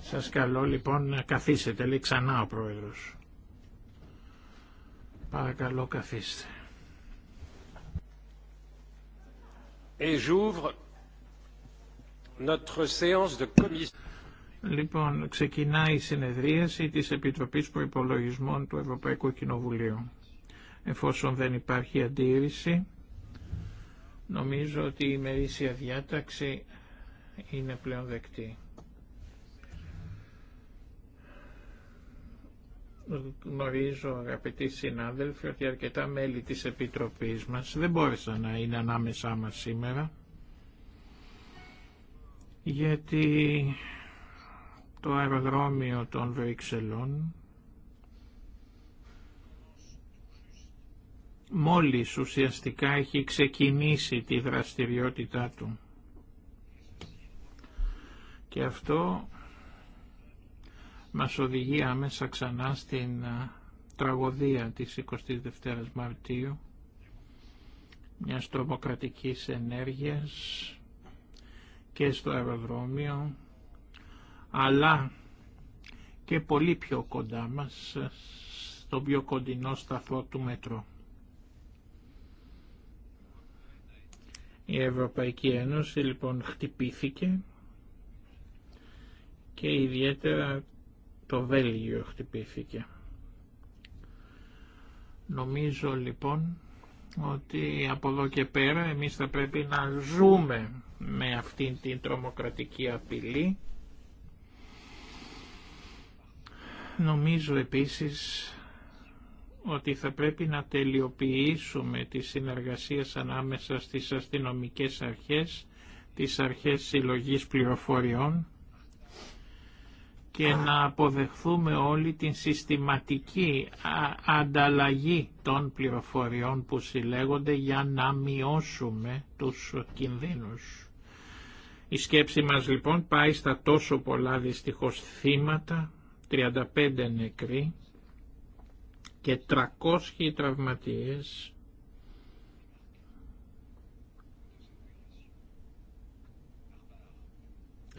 Σας καλώ λοιπόν να καθίσετε, λέει ξανά ο Πρόεδρος. Παρακαλώ καθίστε. Λοιπόν, ξεκινάει η συνεδρίαση της Επιτροπής Προϋπολογισμών του Ευρωπαϊκού Κοινοβουλίου. Εφόσον δεν υπάρχει αντίρρηση, νομίζω ότι η ημερήσια διάταξη είναι πλέον δεκτή. Γνωρίζω αγαπητοί συνάδελφοι ότι αρκετά μέλη της Επιτροπής μας δεν μπόρεσαν να είναι ανάμεσά μας σήμερα γιατί το αεροδρόμιο των Βρυξελών μόλις ουσιαστικά έχει ξεκινήσει τη δραστηριότητά του. Και αυτό μας οδηγεί άμεσα ξανά στην τραγωδία της 22ης Μαρτίου μια τρομοκρατικής ενέργειας και στο αεροδρόμιο αλλά και πολύ πιο κοντά μας στον πιο κοντινό σταθμό του μέτρο. Η Ευρωπαϊκή Ένωση λοιπόν χτυπήθηκε και ιδιαίτερα το Βέλγιο χτυπήθηκε. Νομίζω λοιπόν ότι από εδώ και πέρα εμείς θα πρέπει να ζούμε με αυτήν την τρομοκρατική απειλή. Νομίζω επίσης ότι θα πρέπει να τελειοποιήσουμε τις συνεργασίες ανάμεσα στις αστυνομικές αρχές, τις αρχές συλλογής πληροφοριών και να αποδεχθούμε όλη την συστηματική ανταλλαγή των πληροφοριών που συλλέγονται για να μειώσουμε τους κινδύνους. Η σκέψη μας λοιπόν πάει στα τόσο πολλά δυστυχώς θύματα, 35 νεκροί και 300 τραυματίες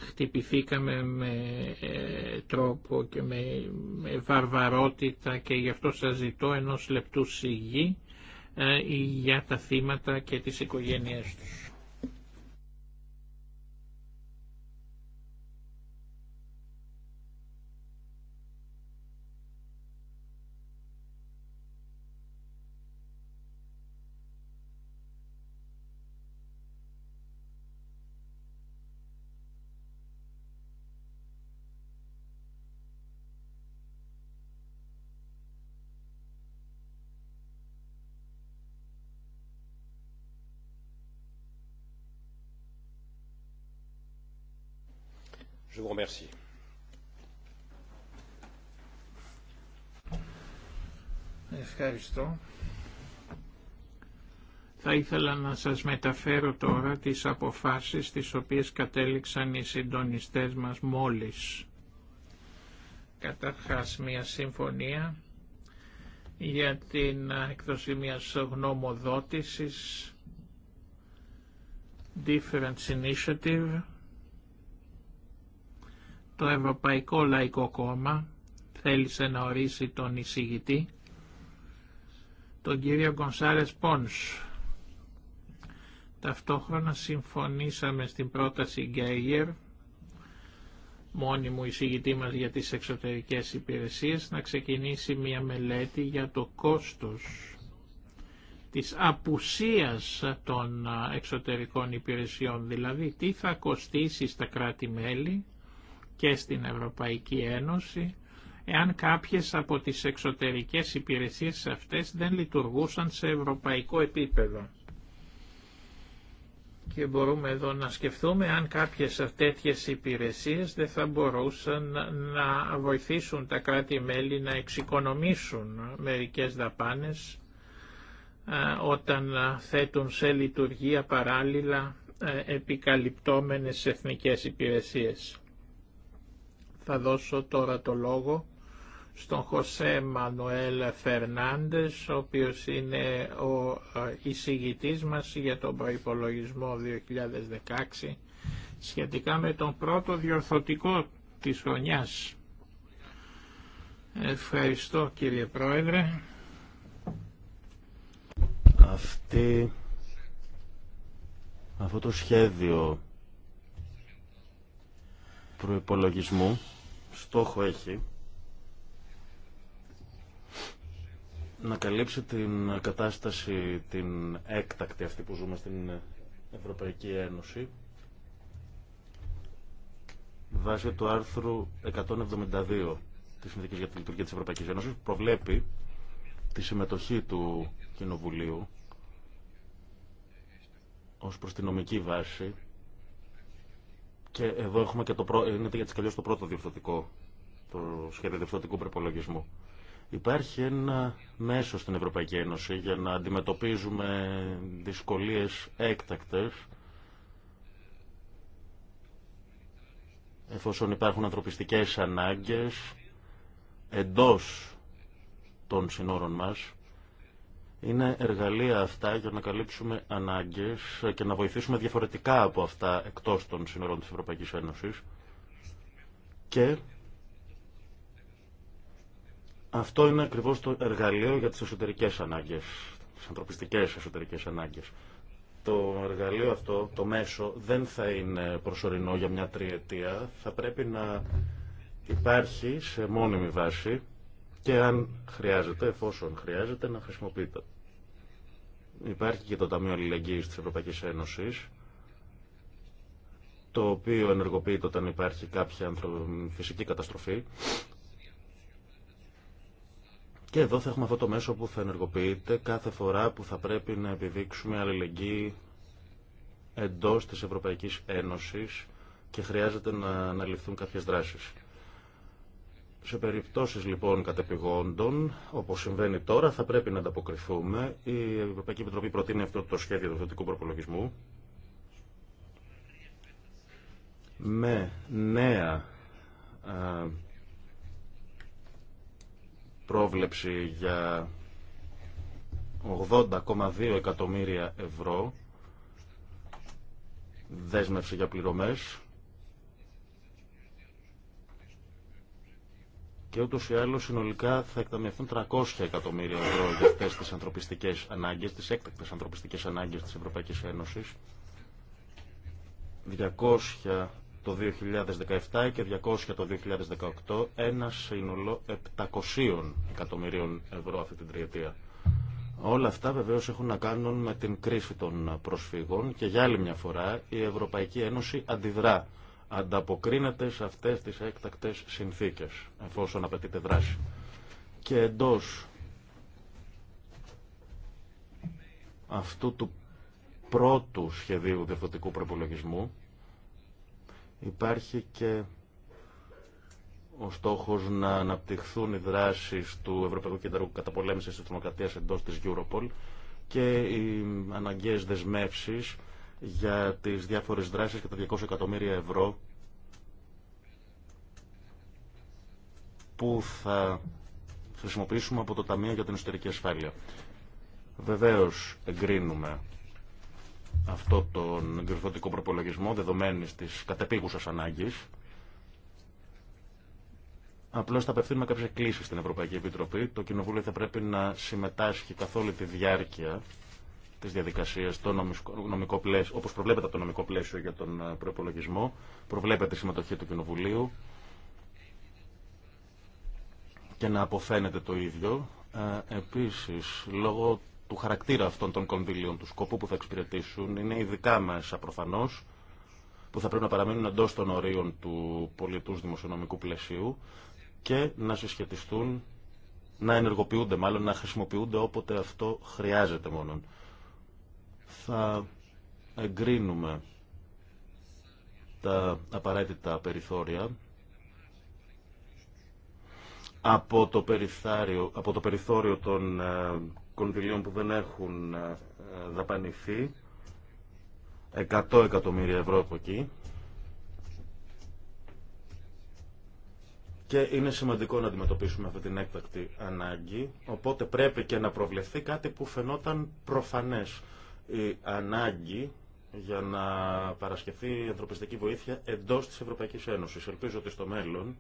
χτυπηθήκαμε με ε, τρόπο και με βαρβαρότητα και γι' αυτό σας ζητώ ενός λεπτού σιγή ε, για τα θύματα και τις οικογένειές τους. Ευχαριστώ. Θα ήθελα να σας μεταφέρω τώρα τις αποφάσεις τις οποίες κατέληξαν οι συντονιστές μας μόλις. Καταρχάς μια συμφωνία για την έκδοση μιας γνωμοδότησης Difference Initiative το Ευρωπαϊκό Λαϊκό Κόμμα θέλησε να ορίσει τον εισηγητή, τον κύριο Γκονσάρες Πόνς. Ταυτόχρονα συμφωνήσαμε στην πρόταση Γκέιερ, μόνιμου εισηγητή μας για τις εξωτερικές υπηρεσίες, να ξεκινήσει μια μελέτη για το κόστος της απουσίας των εξωτερικών υπηρεσιών, δηλαδή τι θα κοστίσει στα κράτη-μέλη και στην Ευρωπαϊκή Ένωση εάν κάποιες από τις εξωτερικές υπηρεσίες αυτές δεν λειτουργούσαν σε ευρωπαϊκό επίπεδο. Και μπορούμε εδώ να σκεφτούμε αν κάποιες τέτοιες υπηρεσίες δεν θα μπορούσαν να βοηθήσουν τα κράτη-μέλη να εξοικονομήσουν μερικές δαπάνες όταν θέτουν σε λειτουργία παράλληλα επικαλυπτόμενες εθνικές υπηρεσίες. Θα δώσω τώρα το λόγο στον Χωσέ Μανουέλ Φερνάντες, ο οποίος είναι ο ε, εισηγητής μας για τον προϋπολογισμό 2016 σχετικά με τον πρώτο διορθωτικό της χρονιάς. Ευχαριστώ κύριε Πρόεδρε. Αυτή, αυτό το σχέδιο προϋπολογισμού στόχο έχει να καλύψει την κατάσταση την έκτακτη αυτή που ζούμε στην Ευρωπαϊκή Ένωση βάσει του άρθρου 172 της Συνθήκης για τη Λειτουργία της Ευρωπαϊκής Ένωσης που προβλέπει τη συμμετοχή του Κοινοβουλίου ως προς τη νομική βάση και εδώ έχουμε και το είναι για τις το πρώτο διορθωτικό, το σχέδιο διορθωτικού προπολογισμού. Υπάρχει ένα μέσο στην Ευρωπαϊκή Ένωση για να αντιμετωπίζουμε δυσκολίες έκτακτες εφόσον υπάρχουν ανθρωπιστικές ανάγκες εντός των συνόρων μας είναι εργαλεία αυτά για να καλύψουμε ανάγκες και να βοηθήσουμε διαφορετικά από αυτά εκτός των σύνορων της Ευρωπαϊκής Ένωσης και αυτό είναι ακριβώς το εργαλείο για τις εσωτερικές ανάγκες, τις ανθρωπιστικές εσωτερικές ανάγκες. Το εργαλείο αυτό, το μέσο, δεν θα είναι προσωρινό για μια τριετία. Θα πρέπει να υπάρχει σε μόνιμη βάση και αν χρειάζεται, εφόσον χρειάζεται, να χρησιμοποιείται. Υπάρχει και το Ταμείο Αλληλεγγύης της Ευρωπαϊκής Ένωσης, το οποίο ενεργοποιείται όταν υπάρχει κάποια φυσική καταστροφή. Και εδώ θα έχουμε αυτό το μέσο που θα ενεργοποιείται κάθε φορά που θα πρέπει να επιδείξουμε αλληλεγγύη εντός της Ευρωπαϊκής Ένωσης και χρειάζεται να αναλυθούν κάποιες δράσεις. Σε περιπτώσεις λοιπόν κατεπηγόντων, όπως συμβαίνει τώρα, θα πρέπει να ανταποκριθούμε. Η Ευρωπαϊκή Επιτροπή προτείνει αυτό το σχέδιο δοτικού προπολογισμού με νέα πρόβλεψη για 80,2 εκατομμύρια ευρώ δέσμευση για πληρωμές Και ούτως ή άλλως συνολικά θα εκταμιευθούν 300 εκατομμύρια ευρώ για αυτές τις ανθρωπιστικές ανάγκες, τις έκτακτες ανθρωπιστικές ανάγκες της Ευρωπαϊκής Ένωσης. 200 το 2017 και 200 το 2018 ένα σύνολο 700 εκατομμυρίων ευρώ αυτή την τριετία. Όλα αυτά βεβαίως έχουν να κάνουν με την κρίση των προσφύγων και για άλλη μια φορά η Ευρωπαϊκή Ένωση αντιδρά ανταποκρίνεται σε αυτές τις έκτακτες συνθήκες, εφόσον απαιτείται δράση. Και εντός αυτού του πρώτου σχεδίου διευθυντικού προπολογισμού υπάρχει και ο στόχος να αναπτυχθούν οι δράσεις του Ευρωπαϊκού Κεντρικού Καταπολέμησης της Δημοκρατία, εντός της Europol και οι αναγκαίες δεσμεύσεις για τις διάφορες δράσεις και τα 200 εκατομμύρια ευρώ που θα χρησιμοποιήσουμε από το Ταμείο για την ιστορική Ασφάλεια. Βεβαίως εγκρίνουμε αυτό τον διορθωτικό προπολογισμό δεδομένης της κατεπίγουσας ανάγκης. Απλώς θα απευθύνουμε κάποιες εκκλήσεις στην Ευρωπαϊκή Επιτροπή. Το Κοινοβούλιο θα πρέπει να συμμετάσχει καθ' όλη τη διάρκεια Τη διαδικασία, το νομικό πλαίσιο, όπως προβλέπεται από το νομικό πλαίσιο για τον ε, προπολογισμό, προβλέπεται η συμμετοχή του Κοινοβουλίου και να αποφαίνεται το ίδιο. Ε, επίσης, λόγω του χαρακτήρα αυτών των κονδυλίων, του σκοπού που θα εξυπηρετήσουν, είναι ειδικά μέσα προφανώς, που θα πρέπει να παραμείνουν εντός των ορίων του πολιτούς δημοσιονομικού πλαισίου και να συσχετιστούν να ενεργοποιούνται μάλλον, να χρησιμοποιούνται όποτε αυτό χρειάζεται μόνον θα εγκρίνουμε τα απαραίτητα περιθώρια από το, περιθώριο, από το περιθώριο των ε, κονδυλίων που δεν έχουν ε, δαπανηθεί 100 εκατομμύρια ευρώ από εκεί και είναι σημαντικό να αντιμετωπίσουμε αυτή την έκτακτη ανάγκη οπότε πρέπει και να προβλεφθεί κάτι που φαινόταν προφανές η ανάγκη για να παρασκευθεί η ανθρωπιστική βοήθεια εντός της Ευρωπαϊκής Ένωσης. Ελπίζω ότι στο μέλλον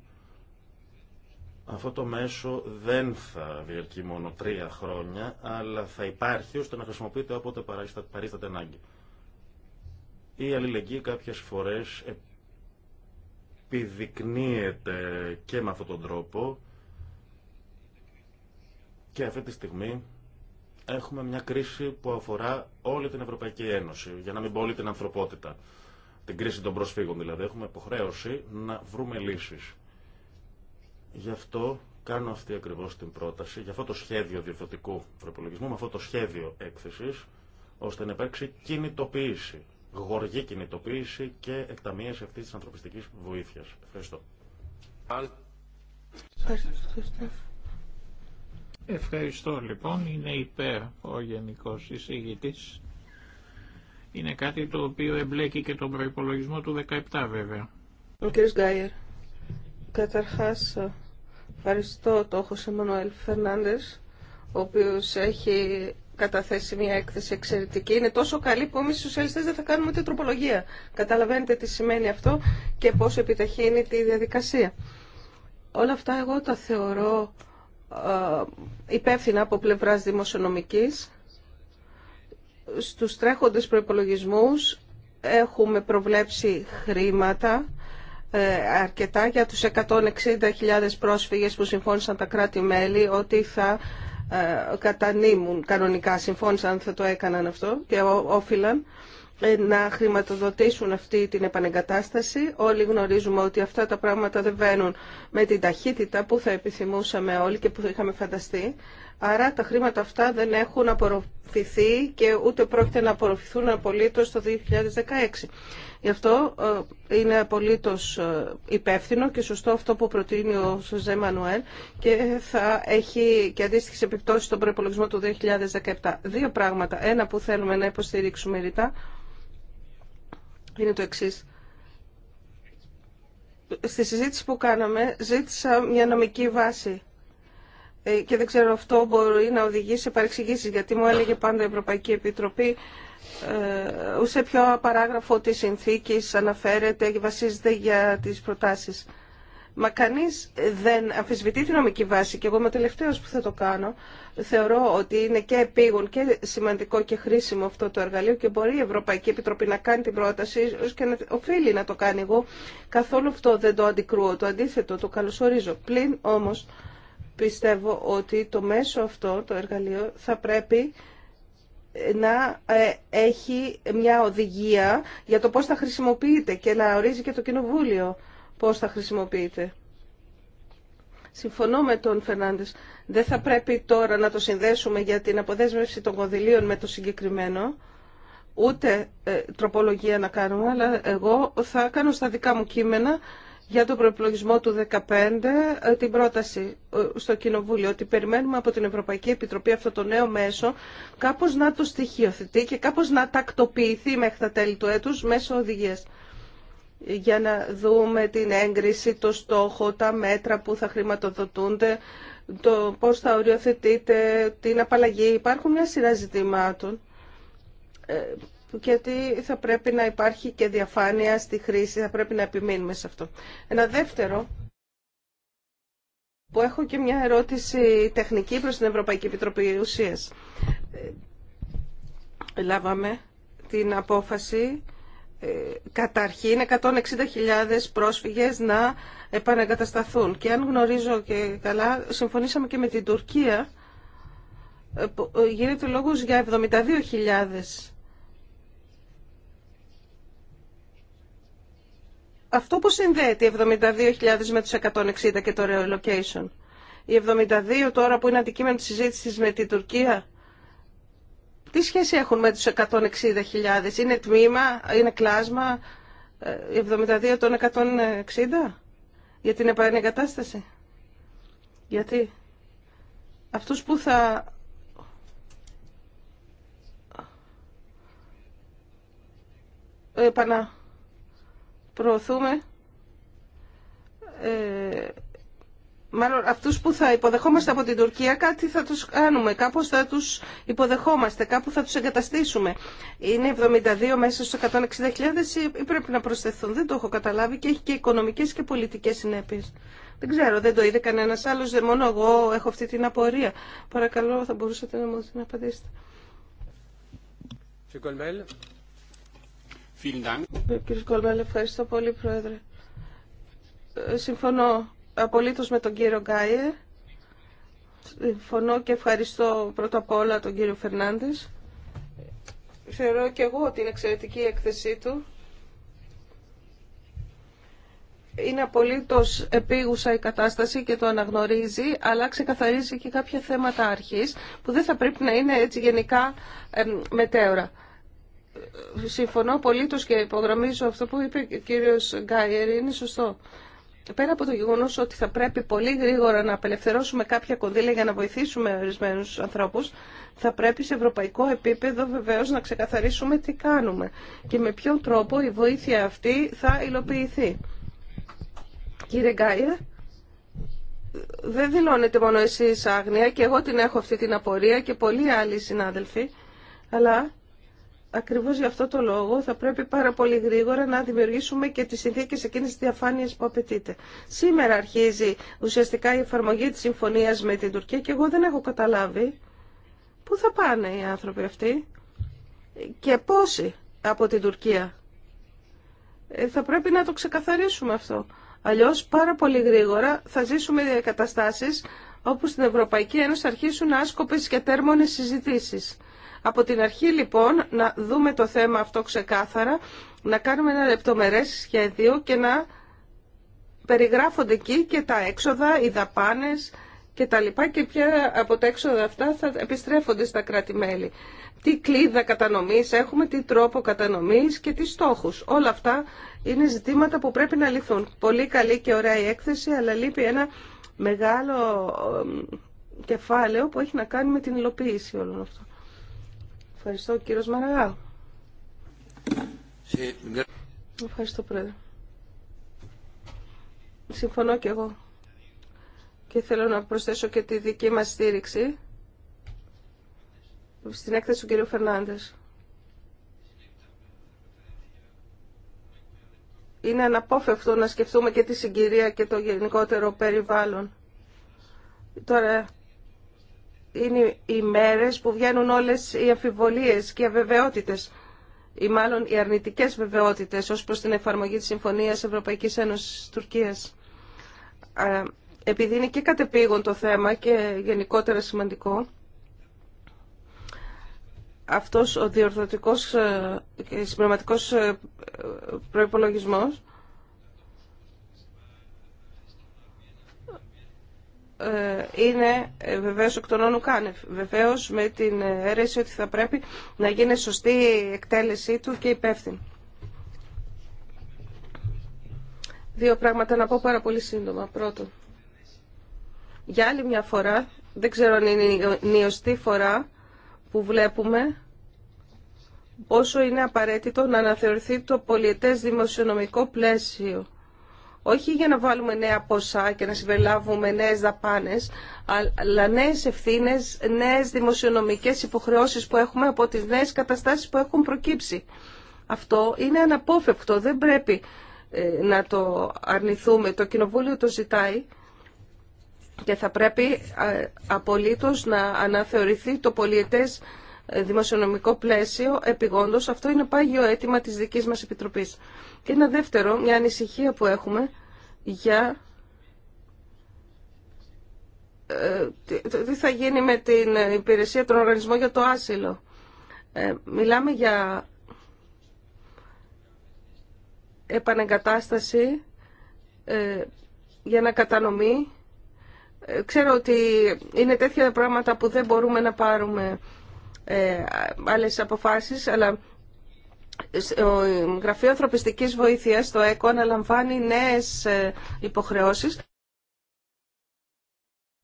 αυτό το μέσο δεν θα διαρκεί μόνο τρία χρόνια, αλλά θα υπάρχει ώστε να χρησιμοποιείται όποτε παρίσταται ανάγκη. Η αλληλεγγύη κάποιες φορές επιδεικνύεται και με αυτόν τον τρόπο και αυτή τη στιγμή έχουμε μια κρίση που αφορά όλη την Ευρωπαϊκή Ένωση, για να μην πω όλη την ανθρωπότητα. Την κρίση των προσφύγων δηλαδή. Έχουμε υποχρέωση να βρούμε λύσεις. Γι' αυτό κάνω αυτή ακριβώ την πρόταση, για αυτό το σχέδιο διευθυντικού προπολογισμού, με αυτό το σχέδιο έκθεση, ώστε να υπάρξει κινητοποίηση, γοργή κινητοποίηση και εκταμείωση αυτή της ανθρωπιστικής βοήθειας. Ευχαριστώ. Ευχαριστώ. Ευχαριστώ λοιπόν. Είναι υπέρ ο Γενικός Εισηγητής. Είναι κάτι το οποίο εμπλέκει και τον προϋπολογισμό του 17 βέβαια. Ο κ. Γκάιερ, καταρχάς ευχαριστώ το Χωσέ Μανουέλ Φερνάντες ο οποίος έχει καταθέσει μια έκθεση εξαιρετική. Είναι τόσο καλή που εμείς οι σοσιαλιστές δεν θα κάνουμε ούτε τροπολογία. Καταλαβαίνετε τι σημαίνει αυτό και πόσο επιταχύνει τη διαδικασία. Όλα αυτά εγώ τα θεωρώ ε, υπεύθυνα από πλευράς δημοσιονομικής. Στους τρέχοντες προϋπολογισμούς έχουμε προβλέψει χρήματα ε, αρκετά για τους 160.000 πρόσφυγες που συμφώνησαν τα κράτη-μέλη ότι θα ε, κατανείμουν κανονικά. Συμφώνησαν θα το έκαναν αυτό και όφυλαν. Ε, να χρηματοδοτήσουν αυτή την επανεγκατάσταση. Όλοι γνωρίζουμε ότι αυτά τα πράγματα δεν βαίνουν με την ταχύτητα που θα επιθυμούσαμε όλοι και που θα είχαμε φανταστεί. Άρα τα χρήματα αυτά δεν έχουν απορροφηθεί και ούτε πρόκειται να απορροφηθούν απολύτως το 2016. Γι' αυτό ε, είναι απολύτως ε, υπεύθυνο και σωστό αυτό που προτείνει ο Σοζέ Μανουέλ και θα έχει και αντίστοιχε επιπτώσει στον προπολογισμό του 2017. Δύο πράγματα. Ένα που θέλουμε να υποστηρίξουμε ρητά είναι το εξή. Στη συζήτηση που κάναμε ζήτησα μια νομική βάση ε, και δεν ξέρω αυτό μπορεί να οδηγήσει σε παρεξηγήσει, γιατί μου έλεγε πάντα η Ευρωπαϊκή Επιτροπή σε ποιο παράγραφο τη συνθήκη, αναφέρεται και βασίζεται για τι προτάσεις. Μα κανεί δεν αμφισβητεί τη νομική βάση και εγώ είμαι ο τελευταίο που θα το κάνω. Θεωρώ ότι είναι και επίγον και σημαντικό και χρήσιμο αυτό το εργαλείο και μπορεί η Ευρωπαϊκή Επιτροπή να κάνει την πρόταση και να οφείλει να το κάνει εγώ. Καθόλου αυτό δεν το αντικρούω, το αντίθετο, το καλωσορίζω. Πλην όμω πιστεύω ότι το μέσο αυτό, το εργαλείο, θα πρέπει να ε, έχει μια οδηγία για το πώς θα χρησιμοποιείται και να ορίζει και το Κοινοβούλιο πώς θα χρησιμοποιείται. Συμφωνώ με τον Φερνάντες. Δεν θα πρέπει τώρα να το συνδέσουμε για την αποδέσμευση των κονδυλίων με το συγκεκριμένο, ούτε ε, τροπολογία να κάνουμε, αλλά εγώ θα κάνω στα δικά μου κείμενα για τον προεπλογισμό του 2015 ε, την πρόταση ε, στο Κοινοβούλιο ότι περιμένουμε από την Ευρωπαϊκή Επιτροπή αυτό το νέο μέσο κάπως να το στοιχειοθετεί και κάπως να τακτοποιηθεί μέχρι τα τέλη του έτους μέσω οδηγίας για να δούμε την έγκριση, το στόχο, τα μέτρα που θα χρηματοδοτούνται, το πώς θα οριοθετείτε, την απαλλαγή. Υπάρχουν μια σειρά ζητημάτων ε, γιατί θα πρέπει να υπάρχει και διαφάνεια στη χρήση, θα πρέπει να επιμείνουμε σε αυτό. Ένα δεύτερο που έχω και μια ερώτηση τεχνική προς την Ευρωπαϊκή Επιτροπή Ουσίας. Ε, λάβαμε την απόφαση ε, καταρχήν 160.000 πρόσφυγες να επαναγκατασταθούν. Και αν γνωρίζω και καλά, συμφωνήσαμε και με την Τουρκία, ε, ε, γίνεται λόγος για 72.000 Αυτό που συνδέεται 72.000 με τους 160 και το relocation. Οι 72 τώρα που είναι αντικείμενο της συζήτησης με την Τουρκία τι σχέση έχουν με τους 160.000, είναι τμήμα, είναι κλάσμα 72 ε, των 160 για την επανεγκατάσταση. Γιατί αυτούς που θα επαναπροωθούμε ε, μάλλον αυτούς που θα υποδεχόμαστε από την Τουρκία κάτι θα του κάνουμε, κάπω θα του υποδεχόμαστε, κάπου θα του εγκαταστήσουμε. Είναι 72 μέσα στου 160.000 ή πρέπει να προσθεθούν. Δεν το έχω καταλάβει και έχει και οικονομικέ και πολιτικέ συνέπειε. Δεν ξέρω, δεν το είδε κανένα άλλο, δεν μόνο εγώ έχω αυτή την απορία. Παρακαλώ, θα μπορούσατε να μου την απαντήσετε. Κύριε Κολμέλ, ε, ευχαριστώ πολύ, Πρόεδρε. Ε, συμφωνώ απολύτως με τον κύριο Γκάιερ. Συμφωνώ και ευχαριστώ πρώτα απ' όλα τον κύριο Φερνάντες. Θεωρώ και εγώ ότι είναι εξαιρετική η έκθεσή του. Είναι απολύτως επίγουσα η κατάσταση και το αναγνωρίζει, αλλά ξεκαθαρίζει και κάποια θέματα αρχής που δεν θα πρέπει να είναι έτσι γενικά μετέωρα. Συμφωνώ απολύτως και υπογραμμίζω αυτό που είπε ο κύριος Γκάιερ, είναι σωστό πέρα από το γεγονός ότι θα πρέπει πολύ γρήγορα να απελευθερώσουμε κάποια κονδύλια για να βοηθήσουμε ορισμένους ανθρώπους, θα πρέπει σε ευρωπαϊκό επίπεδο βεβαίως να ξεκαθαρίσουμε τι κάνουμε και με ποιον τρόπο η βοήθεια αυτή θα υλοποιηθεί. Κύριε Γκάιε, δεν δηλώνετε μόνο εσείς άγνοια και εγώ την έχω αυτή την απορία και πολλοί άλλοι συνάδελφοι, αλλά Ακριβώς γι' αυτό το λόγο θα πρέπει πάρα πολύ γρήγορα να δημιουργήσουμε και τις συνθήκες εκείνες τις διαφάνειες που απαιτείται. Σήμερα αρχίζει ουσιαστικά η εφαρμογή της συμφωνίας με την Τουρκία και εγώ δεν έχω καταλάβει πού θα πάνε οι άνθρωποι αυτοί και πόσοι από την Τουρκία. Ε, θα πρέπει να το ξεκαθαρίσουμε αυτό. Αλλιώς πάρα πολύ γρήγορα θα ζήσουμε καταστάσεις όπου στην Ευρωπαϊκή Ένωση αρχίσουν άσκοπες και τέρμονες συζητήσεις. Από την αρχή λοιπόν να δούμε το θέμα αυτό ξεκάθαρα, να κάνουμε ένα λεπτομερές σχέδιο και να περιγράφονται εκεί και τα έξοδα, οι δαπάνες και τα λοιπά και ποια από τα έξοδα αυτά θα επιστρέφονται στα κράτη-μέλη. Τι κλίδα κατανομής έχουμε, τι τρόπο κατανομής και τι στόχους. Όλα αυτά είναι ζητήματα που πρέπει να λυθούν. Πολύ καλή και ωραία η έκθεση, αλλά λείπει ένα μεγάλο ε, κεφάλαιο που έχει να κάνει με την υλοποίηση όλων αυτών. Ευχαριστώ, κύριο Μαραγά. Ευχαριστώ, Πρόεδρε. Συμφωνώ και εγώ. Και θέλω να προσθέσω και τη δική μας στήριξη στην έκθεση του κύριου Φερνάντες. Είναι αναπόφευκτο να σκεφτούμε και τη συγκυρία και το γενικότερο περιβάλλον. Τώρα είναι οι μέρες που βγαίνουν όλες οι αμφιβολίες και οι αβεβαιότητες ή μάλλον οι αρνητικές βεβαιότητες ως προς την εφαρμογή της Συμφωνίας Ευρωπαϊκής Ένωσης Τουρκίας. Επειδή είναι και κατεπήγον το θέμα και γενικότερα σημαντικό, αυτός ο διορθωτικός ε, και συμπληρωματικός ε, ε, προϋπολογισμός Ε, είναι ε, βεβαίως εκ των όνων Βεβαίως με την αίρεση ότι θα πρέπει να γίνει σωστή η εκτέλεσή του και υπεύθυνη. Δύο πράγματα να πω πάρα πολύ σύντομα. Πρώτον, για άλλη μια φορά, δεν ξέρω αν είναι νιωστή φορά που βλέπουμε πόσο είναι απαραίτητο να αναθεωρηθεί το πολιετές δημοσιονομικό πλαίσιο όχι για να βάλουμε νέα ποσά και να συμπεριλάβουμε νέε δαπάνε, αλλά νέες ευθύνε, νέες δημοσιονομικές υποχρεώσει που έχουμε από τις νέες καταστάσεις που έχουν προκύψει. Αυτό είναι αναπόφευκτο, δεν πρέπει ε, να το αρνηθούμε. Το Κοινοβούλιο το ζητάει και θα πρέπει ε, απολύτως να αναθεωρηθεί το πολιετές δημοσιονομικό πλαίσιο επιγόντως. Αυτό είναι πάγιο αίτημα της δικής μας Επιτροπής. Και ένα δεύτερο, μια ανησυχία που έχουμε για ε, τι θα γίνει με την υπηρεσία των οργανισμών για το άσυλο. Ε, μιλάμε για επανεγκατάσταση ε, για να Ε, Ξέρω ότι είναι τέτοια πράγματα που δεν μπορούμε να πάρουμε ε, άλλες αποφάσεις, αλλά ο Γραφείο Ανθρωπιστικής Βοήθειας, το ΕΚΟ, αναλαμβάνει νέες ε, υποχρεώσεις.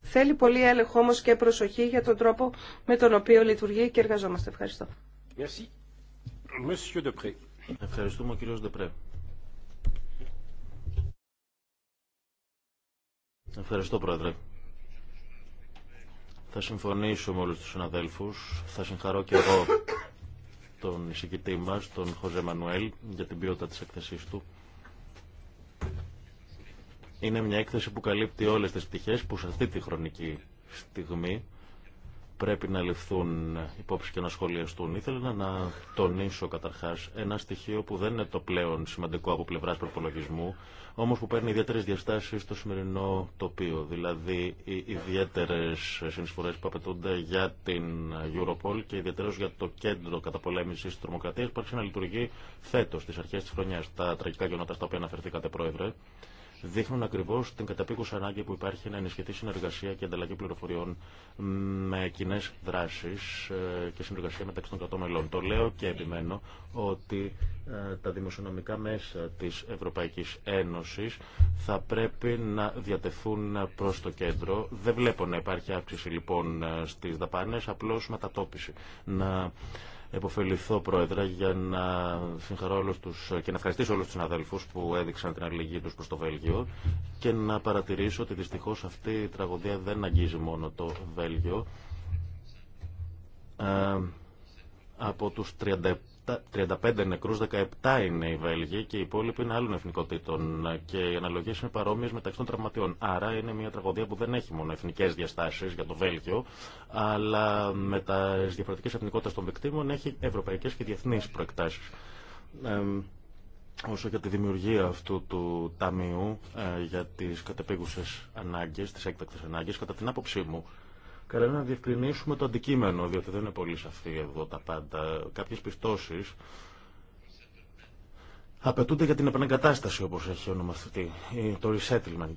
Θέλει πολύ έλεγχο όμως και προσοχή για τον τρόπο με τον οποίο λειτουργεί και εργαζόμαστε. Ευχαριστώ. Ευχαριστούμε ο κύριος Δεπρέ. Ευχαριστώ πρόεδρε. Θα συμφωνήσω με όλους τους συναδέλφους. Θα συγχαρώ και εγώ τον εισηγητή μας, τον Χωζέ Μανουέλ, για την ποιότητα της εκθεσής του. Είναι μια έκθεση που καλύπτει όλες τις πτυχές που σε αυτή τη χρονική στιγμή πρέπει να ληφθούν υπόψη και να σχολιαστούν. Ήθελα να τονίσω καταρχά ένα στοιχείο που δεν είναι το πλέον σημαντικό από πλευρά προπολογισμού, όμω που παίρνει ιδιαίτερε διαστάσει στο σημερινό τοπίο. Δηλαδή οι ιδιαίτερε συνεισφορέ που απαιτούνται για την Europol και ιδιαίτερω για το κέντρο καταπολέμηση τη Τρομοκρατία, που άρχισε να λειτουργεί φέτο, στι αρχέ τη χρονιά, τα τραγικά γεγονότα στα οποία αναφερθήκατε πρόεδρε δείχνουν ακριβώ την καταπίκουσα ανάγκη που υπάρχει να ενισχυθεί συνεργασία και ανταλλαγή πληροφοριών με κοινέ δράσει ε, και συνεργασία μεταξύ των κρατών μελών. Το λέω και επιμένω ότι ε, τα δημοσιονομικά μέσα τη Ευρωπαϊκή Ένωση θα πρέπει να διατεθούν προ το κέντρο. Δεν βλέπω να υπάρχει αύξηση λοιπόν ε, στι δαπάνε, απλώ μετατόπιση. Να Εποφεληθώ, Πρόεδρε, για να συγχαρώ όλους τους και να ευχαριστήσω όλους τους συναδέλφους που έδειξαν την αλληλεγγύη τους προς το Βέλγιο και να παρατηρήσω ότι δυστυχώς αυτή η τραγωδία δεν αγγίζει μόνο το Βέλγιο. Ε, από τους 35 νεκρούς, 17 είναι οι Βέλγοι και οι υπόλοιποι είναι άλλων εθνικότητων και οι αναλογίες είναι παρόμοιες μεταξύ των τραυματιών. Άρα είναι μια τραγωδία που δεν έχει μόνο εθνικές διαστάσεις για το Βέλγιο, αλλά με τα διαφορετικές εθνικότητες των δικτύμων έχει ευρωπαϊκές και διεθνείς προεκτάσεις. Ε, όσο για τη δημιουργία αυτού του ταμείου ε, για τις κατεπήγουσες ανάγκες, τις έκτακτες ανάγκες, κατά την άποψή μου, Καλό είναι να διευκρινίσουμε το αντικείμενο, διότι δεν είναι πολύ σαφή εδώ τα πάντα. Κάποιες πιστώσεις απαιτούνται για την επαναγκατάσταση, όπως έχει ονομαστεί, το resettlement.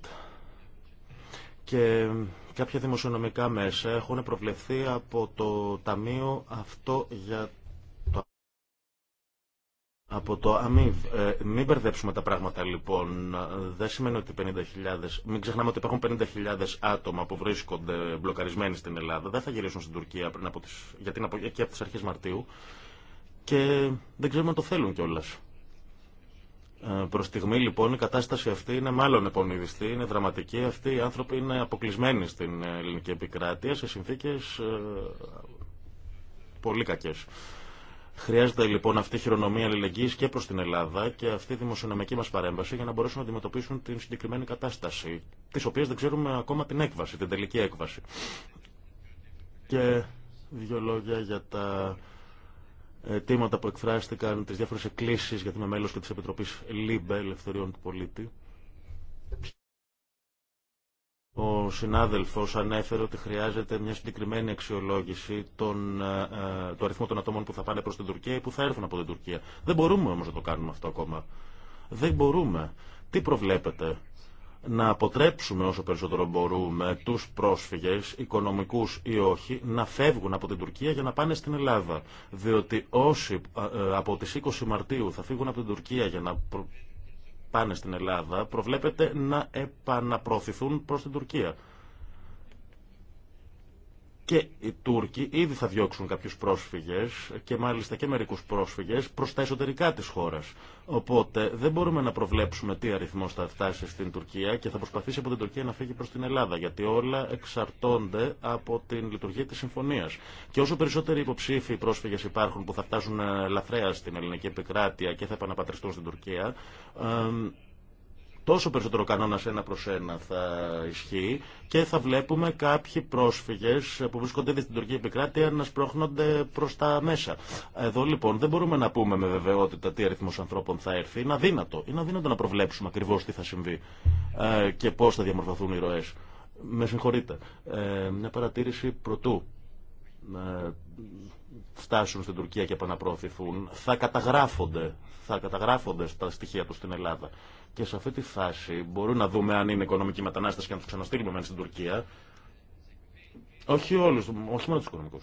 Και κάποια δημοσιονομικά μέσα έχουν προβλεφθεί από το Ταμείο αυτό για από το αμύβ. Ε, μην μπερδέψουμε τα πράγματα λοιπόν. Δεν σημαίνει ότι 50.000. Μην ξεχνάμε ότι υπάρχουν 50.000 άτομα που βρίσκονται μπλοκαρισμένοι στην Ελλάδα. Δεν θα γυρίσουν στην Τουρκία πριν από τις... γιατί είναι από... εκεί από τι αρχέ Μαρτίου. Και δεν ξέρουμε αν το θέλουν κιόλα. Ε, Προ στιγμή λοιπόν η κατάσταση αυτή είναι μάλλον επωνυδιστή, είναι δραματική. Αυτοί οι άνθρωποι είναι αποκλεισμένοι στην ελληνική επικράτεια σε συνθήκε ε, πολύ κακέ. Χρειάζεται λοιπόν αυτή η χειρονομία αλληλεγγύη και προ την Ελλάδα και αυτή η δημοσιονομική μα παρέμβαση για να μπορέσουν να αντιμετωπίσουν την συγκεκριμένη κατάσταση, τη οποία δεν ξέρουμε ακόμα την έκβαση, την τελική έκβαση. Και δύο λόγια για τα αιτήματα που εκφράστηκαν, τι διάφορε εκκλήσει, γιατί είμαι μέλο και τη Επιτροπή ΛΥΜΠΕ, Ελευθεριών του Πολίτη. Ο συνάδελφος ανέφερε ότι χρειάζεται μια συγκεκριμένη αξιολόγηση των, ε, ε, του αριθμού των ατόμων που θα πάνε προς την Τουρκία ή που θα έρθουν από την Τουρκία. Δεν μπορούμε όμως να το κάνουμε αυτό ακόμα. Δεν μπορούμε. Τι προβλέπετε να αποτρέψουμε όσο περισσότερο μπορούμε τους πρόσφυγες, οικονομικούς ή όχι, να φεύγουν από την Τουρκία για να πάνε στην Ελλάδα. Διότι όσοι ε, ε, από τις 20 Μαρτίου θα φύγουν από την Τουρκία για να πάνε στην Ελλάδα προβλέπεται να επαναπροωθηθούν προς την Τουρκία. Και οι Τούρκοι ήδη θα διώξουν κάποιου πρόσφυγε και μάλιστα και μερικού πρόσφυγε προ τα εσωτερικά τη χώρα. Οπότε δεν μπορούμε να προβλέψουμε τι αριθμό θα φτάσει στην Τουρκία και θα προσπαθήσει από την Τουρκία να φύγει προ την Ελλάδα. Γιατί όλα εξαρτώνται από την λειτουργία τη συμφωνία. Και όσο περισσότεροι υποψήφοι πρόσφυγε υπάρχουν που θα φτάσουν ε, λαθρέα στην ελληνική επικράτεια και θα επαναπατριστούν στην Τουρκία, ε, τόσο περισσότερο κανόνας ένα προς ένα θα ισχύει και θα βλέπουμε κάποιοι πρόσφυγες που βρίσκονται ήδη στην Τουρκία επικράτεια να σπρώχνονται προς τα μέσα. Εδώ λοιπόν δεν μπορούμε να πούμε με βεβαιότητα τι αριθμός ανθρώπων θα έρθει. Είναι αδύνατο. Είναι αδύνατο να προβλέψουμε ακριβώς τι θα συμβεί ε, και πώς θα διαμορφωθούν οι ροές. Με συγχωρείτε. Ε, μια παρατήρηση πρωτού ε, φτάσουν στην Τουρκία και επαναπροωθηθούν, θα καταγράφονται, θα καταγράφονται στα στοιχεία τους στην Ελλάδα. Και σε αυτή τη φάση μπορούμε να δούμε αν είναι οικονομική μετανάσταση... και αν του ξαναστείλουμε μέσα στην Τουρκία. Όχι όλους, όχι μόνο του οικονομικού.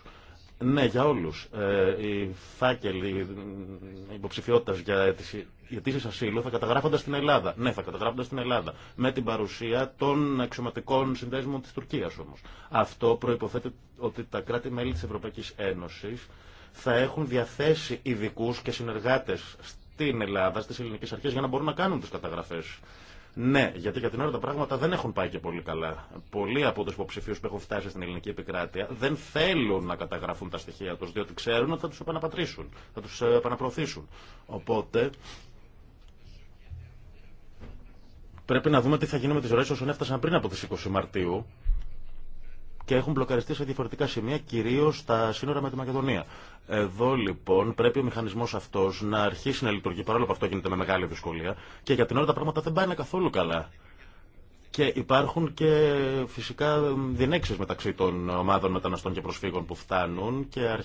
Ναι, για όλου. Ε, οι φάκελοι υποψηφιότητα για αιτήσει ασύλου θα καταγράφονται στην Ελλάδα. Ναι, θα καταγράφονται στην Ελλάδα. Με την παρουσία των εξωματικών συνδέσμων τη Τουρκία όμω. Αυτό προποθέτει ότι τα κράτη-μέλη τη Ευρωπαϊκή Ένωση θα έχουν διαθέσει ειδικού και συνεργάτε την Ελλάδα, στις ελληνικές αρχές, για να μπορούν να κάνουν τι καταγραφές. Ναι, γιατί για την ώρα τα πράγματα δεν έχουν πάει και πολύ καλά. Πολλοί από του υποψηφίου που έχουν φτάσει στην ελληνική επικράτεια δεν θέλουν να καταγραφούν τα στοιχεία του, διότι ξέρουν ότι θα του επαναπατρίσουν, θα του ε, επαναπροωθήσουν. Οπότε πρέπει να δούμε τι θα γίνει με τι ροέ όσων έφτασαν πριν από τι 20 Μαρτίου και έχουν μπλοκαριστεί σε διαφορετικά σημεία, κυρίω στα σύνορα με τη Μακεδονία. Εδώ λοιπόν πρέπει ο μηχανισμό αυτό να αρχίσει να λειτουργεί, παρόλο που αυτό γίνεται με μεγάλη δυσκολία και για την ώρα τα πράγματα δεν πάνε καθόλου καλά. Και υπάρχουν και φυσικά δυνέξεις μεταξύ των ομάδων μεταναστών και προσφύγων που φτάνουν και αρ,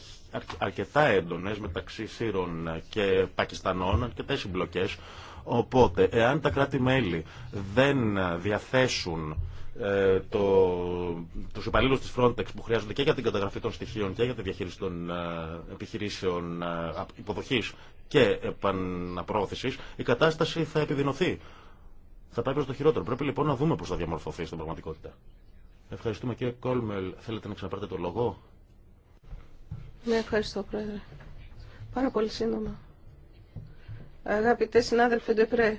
αρκετά έντονες μεταξύ Σύρων και Πακιστανών, αρκετές συμπλοκές. Οπότε, εάν τα κράτη-μέλη δεν διαθέσουν ε, το, τους υπαλλήλους της Frontex που χρειάζονται και για την καταγραφή των στοιχείων και για τη διαχείριση των ε, επιχειρήσεων ε, υποδοχής και επαναπρόθεσης, η κατάσταση θα επιδεινωθεί. Θα πάει προς το χειρότερο. Πρέπει λοιπόν να δούμε πώς θα διαμορφωθεί στην πραγματικότητα. Ευχαριστούμε κύριε Κόλμελ. Θέλετε να ξαναπάρτε το λόγο. Ναι, ευχαριστώ πρόεδρε. Πάρα πολύ σύντομα. Αγαπητέ συνάδελφε Ντεπρέ,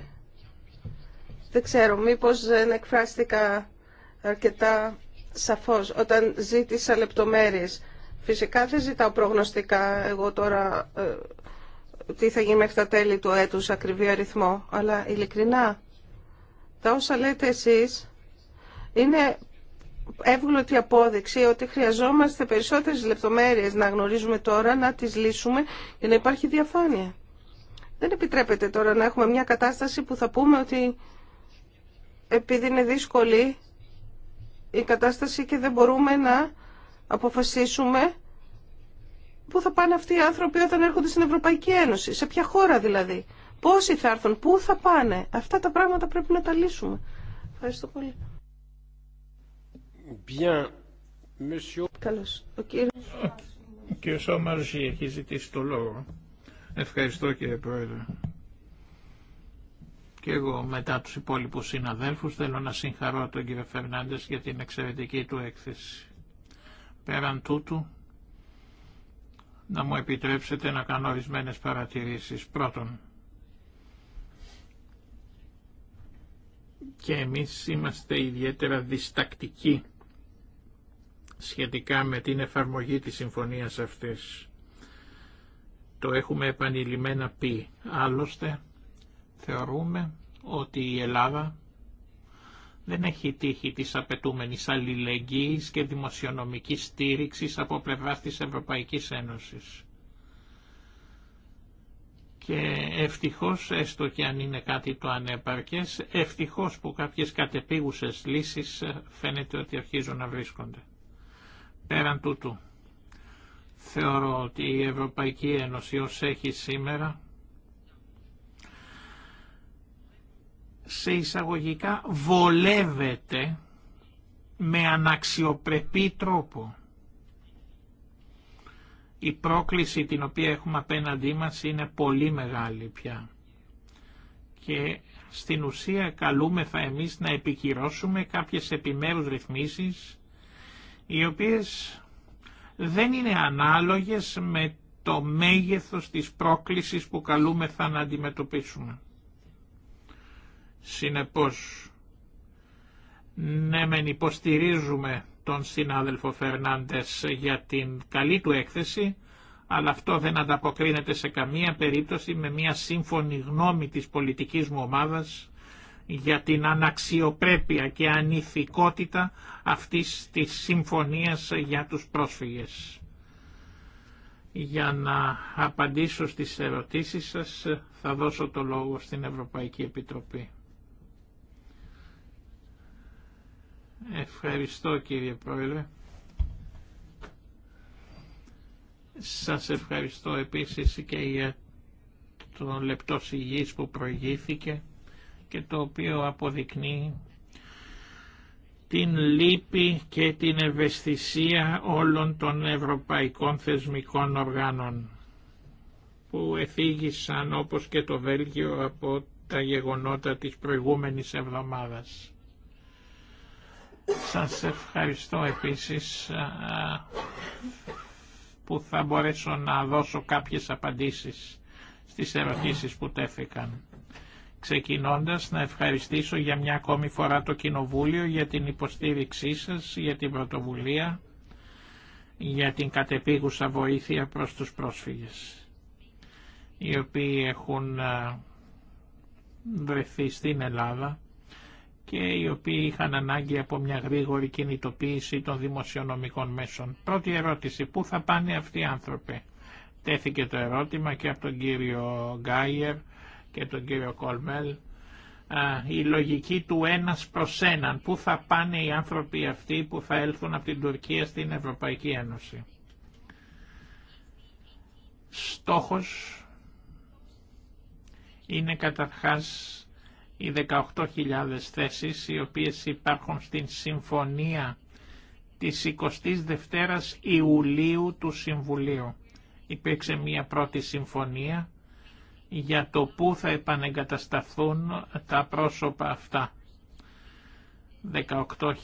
δεν ξέρω, μήπως δεν εκφράστηκα αρκετά σαφώς όταν ζήτησα λεπτομέρειες. Φυσικά δεν ζητάω προγνωστικά εγώ τώρα ε, τι θα γίνει μέχρι τα τέλη του έτους ακριβή αριθμό, αλλά ειλικρινά τα όσα λέτε εσείς είναι εύγλωτη απόδειξη ότι χρειαζόμαστε περισσότερες λεπτομέρειες να γνωρίζουμε τώρα, να τις λύσουμε για να υπάρχει διαφάνεια. Δεν επιτρέπεται τώρα να έχουμε μια κατάσταση που θα πούμε ότι επειδή είναι δύσκολη η κατάσταση και δεν μπορούμε να αποφασίσουμε πού θα πάνε αυτοί οι άνθρωποι όταν έρχονται στην Ευρωπαϊκή Ένωση, σε ποια χώρα δηλαδή. Πόσοι θα έρθουν, πού θα πάνε. Αυτά τα πράγματα πρέπει να τα λύσουμε. Ευχαριστώ πολύ. Bien. Monsieur... Καλώς. Ο κύριος... Ο έχει ζητήσει το λόγο. Ευχαριστώ κύριε Πρόεδρε. Και εγώ μετά τους υπόλοιπους συναδέλφους θέλω να συγχαρώ τον κύριο Φερνάντες για την εξαιρετική του έκθεση. Πέραν τούτου, να μου επιτρέψετε να κάνω ορισμένε παρατηρήσεις. Πρώτον, και εμείς είμαστε ιδιαίτερα διστακτικοί σχετικά με την εφαρμογή της συμφωνίας αυτής. Το έχουμε επανειλημμένα πει. Άλλωστε, Θεωρούμε ότι η Ελλάδα δεν έχει τύχει της απαιτούμενης αλληλεγγύης και δημοσιονομικής στήριξης από πλευρά της Ευρωπαϊκής Ένωσης. Και ευτυχώς, έστω και αν είναι κάτι το ανεπαρκές, ευτυχώς που κάποιες κατεπίγουσες λύσεις φαίνεται ότι αρχίζουν να βρίσκονται. Πέραν τούτου, θεωρώ ότι η Ευρωπαϊκή Ένωση ως έχει σήμερα σε εισαγωγικά βολεύεται με αναξιοπρεπή τρόπο. Η πρόκληση την οποία έχουμε απέναντί μας είναι πολύ μεγάλη πια και στην ουσία καλούμεθα εμείς να επικυρώσουμε κάποιες επιμέρους ρυθμίσεις οι οποίες δεν είναι ανάλογες με το μέγεθος της πρόκλησης που καλούμεθα να αντιμετωπίσουμε. Συνεπώς, ναι μεν υποστηρίζουμε τον συνάδελφο Φερνάντες για την καλή του έκθεση, αλλά αυτό δεν ανταποκρίνεται σε καμία περίπτωση με μια σύμφωνη γνώμη της πολιτικής μου ομάδας για την αναξιοπρέπεια και ανηθικότητα αυτής της συμφωνίας για τους πρόσφυγες. Για να απαντήσω στις ερωτήσεις σας θα δώσω το λόγο στην Ευρωπαϊκή Επιτροπή. Ευχαριστώ κύριε Πρόεδρε. Σας ευχαριστώ επίσης και για τον λεπτό συγγύης που προηγήθηκε και το οποίο αποδεικνύει την λύπη και την ευαισθησία όλων των ευρωπαϊκών θεσμικών οργάνων που εφήγησαν όπως και το Βέλγιο από τα γεγονότα της προηγούμενης εβδομάδας. Σας ευχαριστώ επίσης που θα μπορέσω να δώσω κάποιες απαντήσεις στις ερωτήσεις που τέθηκαν. Ξεκινώντας να ευχαριστήσω για μια ακόμη φορά το Κοινοβούλιο για την υποστήριξή σας, για την πρωτοβουλία, για την κατεπίγουσα βοήθεια προς τους πρόσφυγες, οι οποίοι έχουν βρεθεί στην Ελλάδα και οι οποίοι είχαν ανάγκη από μια γρήγορη κινητοποίηση των δημοσιονομικών μέσων. Πρώτη ερώτηση, πού θα πάνε αυτοί οι άνθρωποι. Τέθηκε το ερώτημα και από τον κύριο Γκάιερ και τον κύριο Κολμέλ. Η λογική του ένας προς έναν, πού θα πάνε οι άνθρωποι αυτοί που θα έλθουν από την Τουρκία στην Ευρωπαϊκή Ένωση. Στόχος είναι καταρχάς οι 18.000 θέσεις οι οποίες υπάρχουν στην συμφωνία της 22ης Ιουλίου του Συμβουλίου. Υπήρξε μια πρώτη συμφωνία για το πού θα επανεγκατασταθούν τα πρόσωπα αυτά. 18.000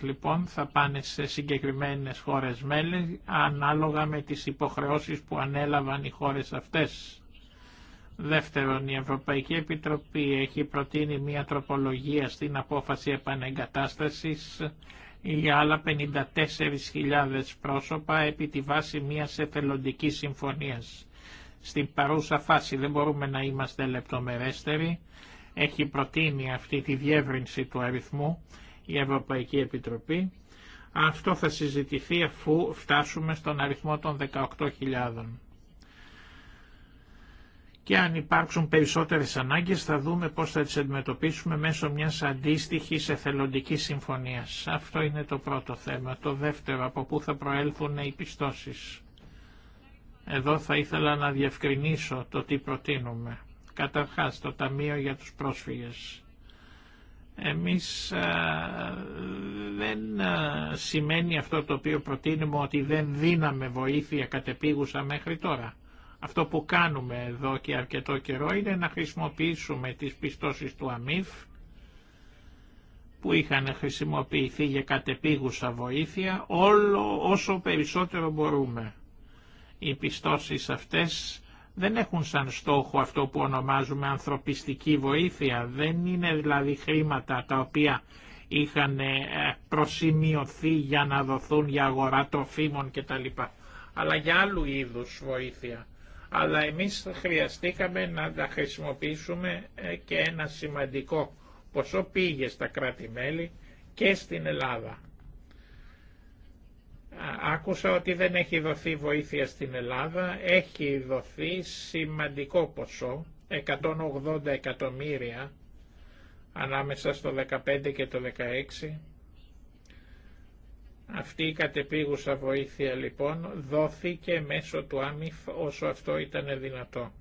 λοιπόν θα πάνε σε συγκεκριμένες χώρες μέλη ανάλογα με τις υποχρεώσεις που ανέλαβαν οι χώρες αυτές. Δεύτερον, η Ευρωπαϊκή Επιτροπή έχει προτείνει μια τροπολογία στην απόφαση επανεγκατάστασης για άλλα 54.000 πρόσωπα επί τη βάση μιας εθελοντικής συμφωνίας. Στην παρούσα φάση δεν μπορούμε να είμαστε λεπτομερέστεροι. Έχει προτείνει αυτή τη διεύρυνση του αριθμού η Ευρωπαϊκή Επιτροπή. Αυτό θα συζητηθεί αφού φτάσουμε στον αριθμό των 18.000 και αν υπάρξουν περισσότερες ανάγκες θα δούμε πώς θα τις αντιμετωπίσουμε μέσω μιας αντίστοιχης εθελοντικής συμφωνίας. Αυτό είναι το πρώτο θέμα. Το δεύτερο, από πού θα προέλθουν οι πιστώσεις. Εδώ θα ήθελα να διευκρινίσω το τι προτείνουμε. Καταρχάς, το Ταμείο για τους Πρόσφυγες. Εμείς δεν σημαίνει αυτό το οποίο προτείνουμε ότι δεν δίναμε βοήθεια κατεπήγουσα μέχρι τώρα αυτό που κάνουμε εδώ και αρκετό καιρό είναι να χρησιμοποιήσουμε τις πιστώσεις του ΑΜΙΦ που είχαν χρησιμοποιηθεί για κατεπίγουσα βοήθεια όλο όσο περισσότερο μπορούμε. Οι πιστώσεις αυτές δεν έχουν σαν στόχο αυτό που ονομάζουμε ανθρωπιστική βοήθεια. Δεν είναι δηλαδή χρήματα τα οποία είχαν ε, προσημειωθεί για να δοθούν για αγορά τροφίμων κτλ. Αλλά για άλλου είδους βοήθεια αλλά εμείς χρειαστήκαμε να τα χρησιμοποιήσουμε ε, και ένα σημαντικό ποσό πήγε στα κράτη-μέλη και στην Ελλάδα. Άκουσα ότι δεν έχει δοθεί βοήθεια στην Ελλάδα, έχει δοθεί σημαντικό ποσό, 180 εκατομμύρια ανάμεσα στο 15 και το 16 αυτή η κατεπίγουσα βοήθεια λοιπόν δόθηκε μέσω του άμυφ όσο αυτό ήταν δυνατό.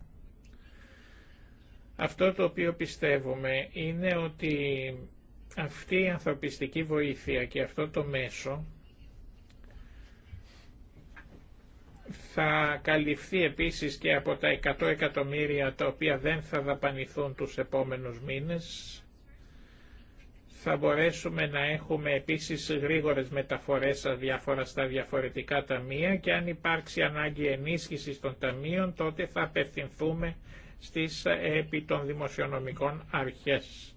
Αυτό το οποίο πιστεύουμε είναι ότι αυτή η ανθρωπιστική βοήθεια και αυτό το μέσο θα καλυφθεί επίσης και από τα 100 εκατομμύρια τα οποία δεν θα δαπανηθούν τους επόμενους μήνες θα μπορέσουμε να έχουμε επίσης γρήγορες μεταφορές στα στα διαφορετικά ταμεία και αν υπάρξει ανάγκη ενίσχυσης των ταμείων τότε θα απευθυνθούμε στις ε, επί των δημοσιονομικών αρχές.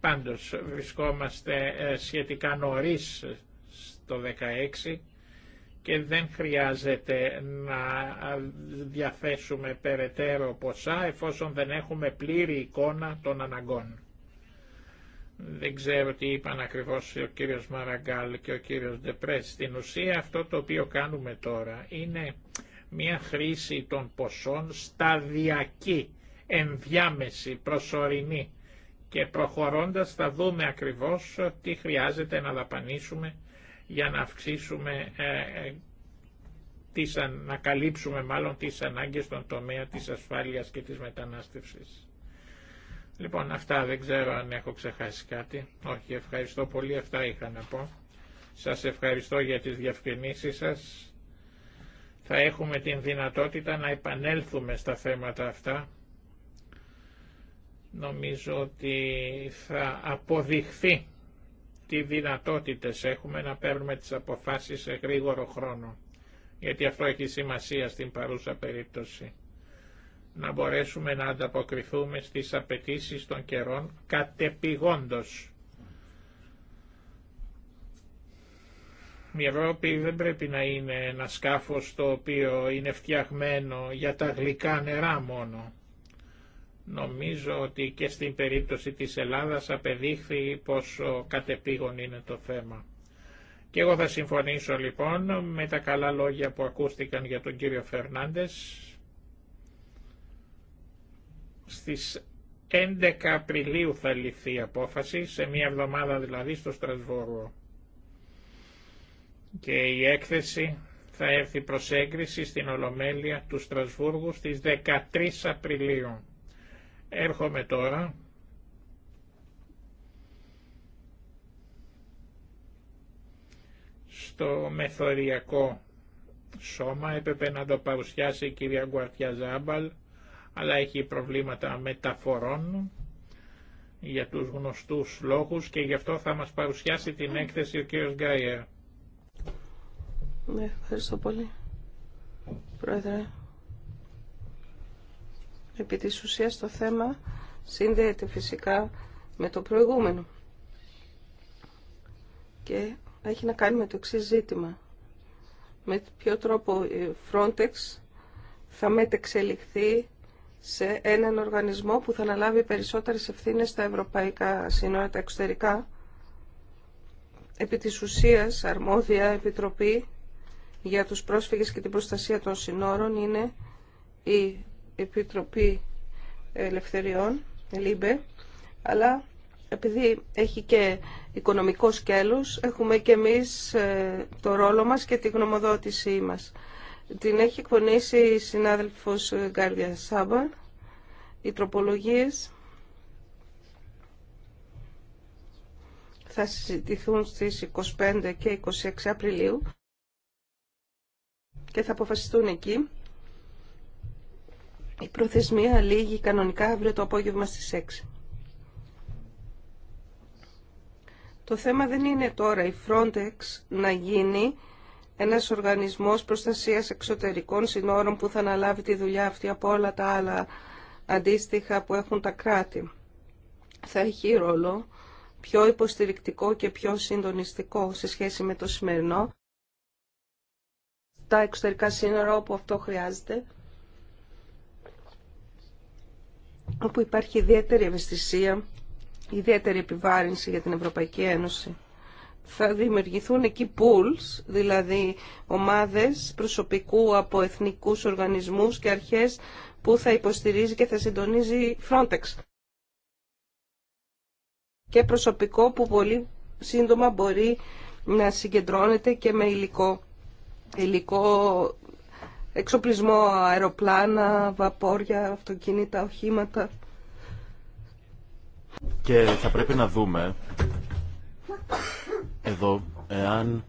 Πάντως βρισκόμαστε ε, σχετικά νωρίς στο 16 και δεν χρειάζεται να διαθέσουμε περαιτέρω ποσά εφόσον δεν έχουμε πλήρη εικόνα των αναγκών. Δεν ξέρω τι είπαν ακριβώς ο κύριος Μαραγκάλ και ο κύριος Ντεπρές. Στην ουσία αυτό το οποίο κάνουμε τώρα είναι μια χρήση των ποσών σταδιακή, ενδιάμεση, προσωρινή και προχωρώντας θα δούμε ακριβώς τι χρειάζεται να δαπανίσουμε για να αυξήσουμε, ε, ε, τις, να καλύψουμε μάλλον τις ανάγκες των τομέα της ασφάλειας και της μετανάστευσης. Λοιπόν, αυτά δεν ξέρω αν έχω ξεχάσει κάτι. Όχι, ευχαριστώ πολύ, αυτά είχα να πω. Σας ευχαριστώ για τις διευκρινήσεις σας. Θα έχουμε την δυνατότητα να επανέλθουμε στα θέματα αυτά. Νομίζω ότι θα αποδειχθεί τι δυνατότητες έχουμε να παίρνουμε τις αποφάσεις σε γρήγορο χρόνο. Γιατί αυτό έχει σημασία στην παρούσα περίπτωση να μπορέσουμε να ανταποκριθούμε στις απαιτήσεις των καιρών κατεπηγόντως. Η Ευρώπη δεν πρέπει να είναι ένα σκάφος το οποίο είναι φτιαγμένο για τα γλυκά νερά μόνο. Νομίζω ότι και στην περίπτωση της Ελλάδας απεδείχθη πόσο κατεπήγον είναι το θέμα. Και εγώ θα συμφωνήσω λοιπόν με τα καλά λόγια που ακούστηκαν για τον κύριο Φερνάντες στις 11 Απριλίου θα ληφθεί η απόφαση, σε μία εβδομάδα δηλαδή στο Στρασβούργο. Και η έκθεση θα έρθει προς έγκριση στην Ολομέλεια του Στρασβούργου στις 13 Απριλίου. Έρχομαι τώρα στο μεθοριακό σώμα. Έπρεπε να το παρουσιάσει η κυρία Γκουαρτιά αλλά έχει προβλήματα μεταφορών για τους γνωστούς λόγους και γι' αυτό θα μας παρουσιάσει την έκθεση ο κύριος Γκάιερ. Ναι, ευχαριστώ πολύ. Πρόεδρε, επί το θέμα συνδέεται φυσικά με το προηγούμενο και έχει να κάνει με το εξή ζήτημα. Με ποιο τρόπο η Frontex θα μετεξελιχθεί σε έναν οργανισμό που θα αναλάβει περισσότερες ευθύνες στα ευρωπαϊκά σύνορα, τα εξωτερικά, επί της ουσίας αρμόδια επιτροπή για τους πρόσφυγες και την προστασία των συνόρων είναι η Επιτροπή Ελευθεριών, ΛΥΜΠΕ, αλλά επειδή έχει και οικονομικό σκέλος, έχουμε και εμείς ε, το ρόλο μας και τη γνωμοδότησή μας. Την έχει εκπονήσει η συνάδελφος Γκάρδια Σάμπα. Οι τροπολογίες θα συζητηθούν στις 25 και 26 Απριλίου και θα αποφασιστούν εκεί. Η προθεσμία λύγει κανονικά αύριο το απόγευμα στις 6. Το θέμα δεν είναι τώρα η Frontex να γίνει ένας οργανισμός προστασίας εξωτερικών συνόρων που θα αναλάβει τη δουλειά αυτή από όλα τα άλλα αντίστοιχα που έχουν τα κράτη. Θα έχει ρόλο πιο υποστηρικτικό και πιο συντονιστικό σε σχέση με το σημερινό. Τα εξωτερικά σύνορα όπου αυτό χρειάζεται, όπου υπάρχει ιδιαίτερη ευαισθησία, ιδιαίτερη επιβάρυνση για την Ευρωπαϊκή Ένωση θα δημιουργηθούν εκεί pools, δηλαδή ομάδες προσωπικού από εθνικούς οργανισμούς και αρχές που θα υποστηρίζει και θα συντονίζει Frontex. Και προσωπικό που πολύ σύντομα μπορεί να συγκεντρώνεται και με υλικό, υλικό εξοπλισμό, αεροπλάνα, βαπόρια, αυτοκίνητα, οχήματα. Και θα πρέπει να δούμε εδώ εάν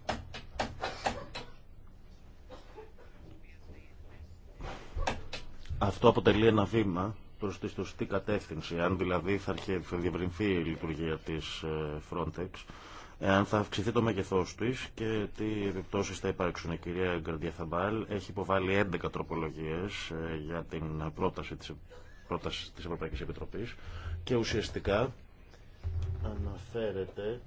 αυτό αποτελεί ένα βήμα προς τη σωστή κατεύθυνση, αν δηλαδή θα διευρυνθεί η λειτουργία της ε, Frontex, αν θα αυξηθεί το μέγεθός της και τι επιπτώσεις θα υπάρξουν. Η κυρία Γκαρδία Θαμπάλ έχει υποβάλει 11 τροπολογίες ε, για την πρόταση της, πρόταση της Ευρωπαϊκής Επιτροπής και ουσιαστικά αναφέρεται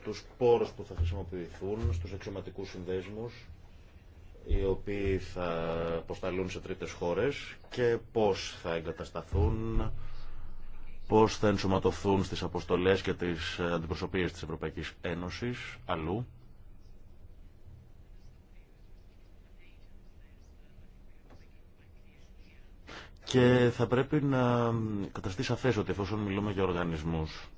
στους πόρους που θα χρησιμοποιηθούν, στους εξωματικούς συνδέσμους, οι οποίοι θα αποσταλούν σε τρίτες χώρες και πώς θα εγκατασταθούν, πώς θα ενσωματωθούν στις αποστολές και τις αντιπροσωπείες της Ευρωπαϊκής Ένωσης αλλού. Και θα πρέπει να καταστεί σαφές ότι εφόσον μιλούμε για οργανισμούς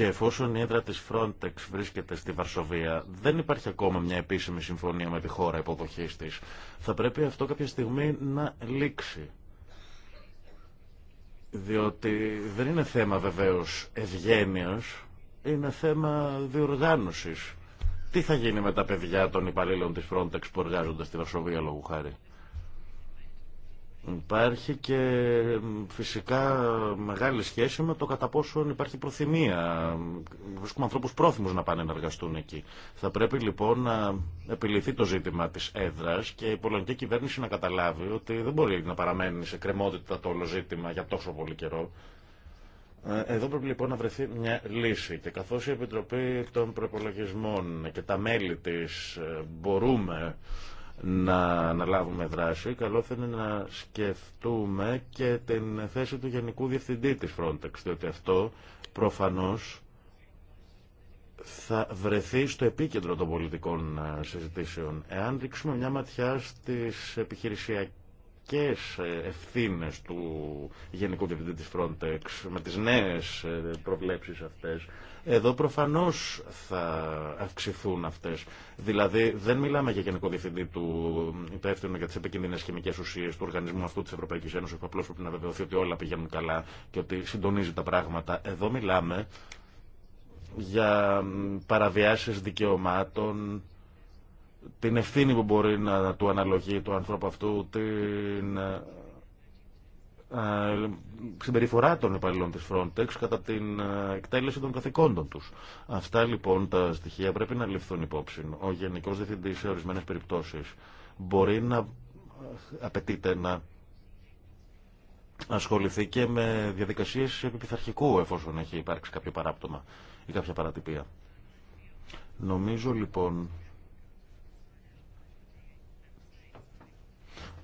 Και εφόσον η έδρα της Frontex βρίσκεται στη Βαρσοβία, δεν υπάρχει ακόμα μια επίσημη συμφωνία με τη χώρα υποδοχής της. Θα πρέπει αυτό κάποια στιγμή να λήξει. Διότι δεν είναι θέμα βεβαίως ευγένειας, είναι θέμα διοργάνωσης. Τι θα γίνει με τα παιδιά των υπαλλήλων της Frontex που εργάζονται στη Βαρσοβία λόγου χάρη. Υπάρχει και φυσικά μεγάλη σχέση με το κατά πόσον υπάρχει προθυμία. Βρίσκουμε ανθρώπους πρόθυμους να πάνε να εργαστούν εκεί. Θα πρέπει λοιπόν να επιληθεί το ζήτημα της έδρας και η πολωνική κυβέρνηση να καταλάβει ότι δεν μπορεί να παραμένει σε κρεμότητα το όλο ζήτημα για τόσο πολύ καιρό. Ε, εδώ πρέπει λοιπόν να βρεθεί μια λύση και καθώς η Επιτροπή των Προπολογισμών και τα μέλη της ε, μπορούμε να αναλάβουμε δράση, καλό θα είναι να σκεφτούμε και την θέση του Γενικού Διευθυντή της Frontex, διότι αυτό προφανώς θα βρεθεί στο επίκεντρο των πολιτικών ε, συζητήσεων. Εάν ρίξουμε μια ματιά στις επιχειρησιακές ε, ευθύνες του Γενικού Διευθυντή της Frontex με τις νέες ε, προβλέψεις αυτές, εδώ προφανώς θα αυξηθούν αυτές. Δηλαδή δεν μιλάμε για γενικό διευθυντή του υπεύθυνου για τι επικίνδυνε χημικέ ουσίε, του οργανισμού αυτού τη Ευρωπαϊκή Ένωση που απλώ πρέπει να βεβαιωθεί ότι όλα πηγαίνουν καλά και ότι συντονίζει τα πράγματα. Εδώ μιλάμε για παραβιάσεις δικαιωμάτων, την ευθύνη που μπορεί να του αναλογεί του ανθρώπου αυτού, την ε, συμπεριφορά των υπαλλήλων της Frontex κατά την ε, εκτέλεση των καθηκόντων τους. Αυτά λοιπόν τα στοιχεία πρέπει να ληφθούν υπόψη. Ο Γενικός Διευθυντής σε ορισμένες περιπτώσεις μπορεί να ε, απαιτείται να ασχοληθεί και με διαδικασίες επιπιθαρχικού εφόσον έχει υπάρξει κάποιο παράπτωμα ή κάποια παρατυπία. Νομίζω λοιπόν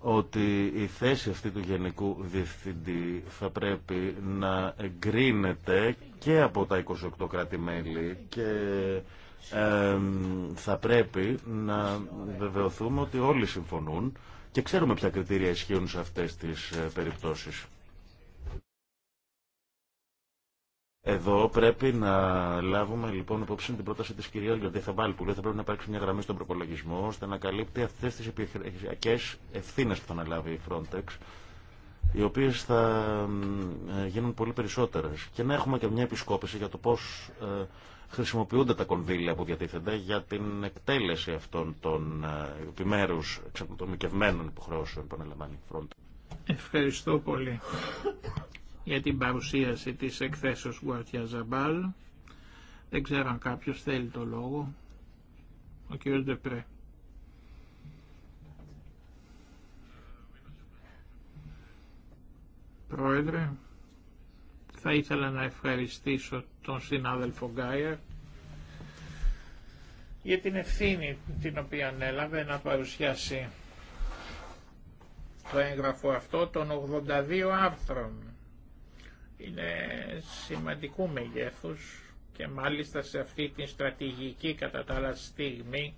ότι η θέση αυτή του Γενικού Διευθυντή θα πρέπει να εγκρίνεται και από τα 28 κράτη-μέλη και θα πρέπει να βεβαιωθούμε ότι όλοι συμφωνούν και ξέρουμε ποια κριτήρια ισχύουν σε αυτές τις ε, περιπτώσεις. Εδώ πρέπει να λάβουμε λοιπόν υπόψη την πρόταση τη κυρία θα βάλει που λέει θα πρέπει να υπάρξει μια γραμμή στον προπολογισμό ώστε να καλύπτει αυτέ τι επιχειρησιακέ ευθύνε που θα αναλάβει η Frontex οι οποίε θα ε, γίνουν πολύ περισσότερε και να έχουμε και μια επισκόπηση για το πώ ε, χρησιμοποιούνται τα κονδύλια που διατίθενται για την εκτέλεση αυτών των ε, επιμέρου εξατομικευμένων υποχρεώσεων που αναλαμβάνει η Frontex. Ευχαριστώ πολύ για την παρουσίαση της εκθέσεως Γουαρτιά Ζαμπάλ. Δεν ξέρω αν κάποιος θέλει το λόγο. Ο κ. Ντεπρέ. Πρόεδρε, θα ήθελα να ευχαριστήσω τον συνάδελφο Γκάιερ για την ευθύνη την οποία ανέλαβε να παρουσιάσει το έγγραφο αυτό των 82 άρθρων είναι σημαντικού μεγέθους και μάλιστα σε αυτή τη στρατηγική κατά τα άλλα στιγμή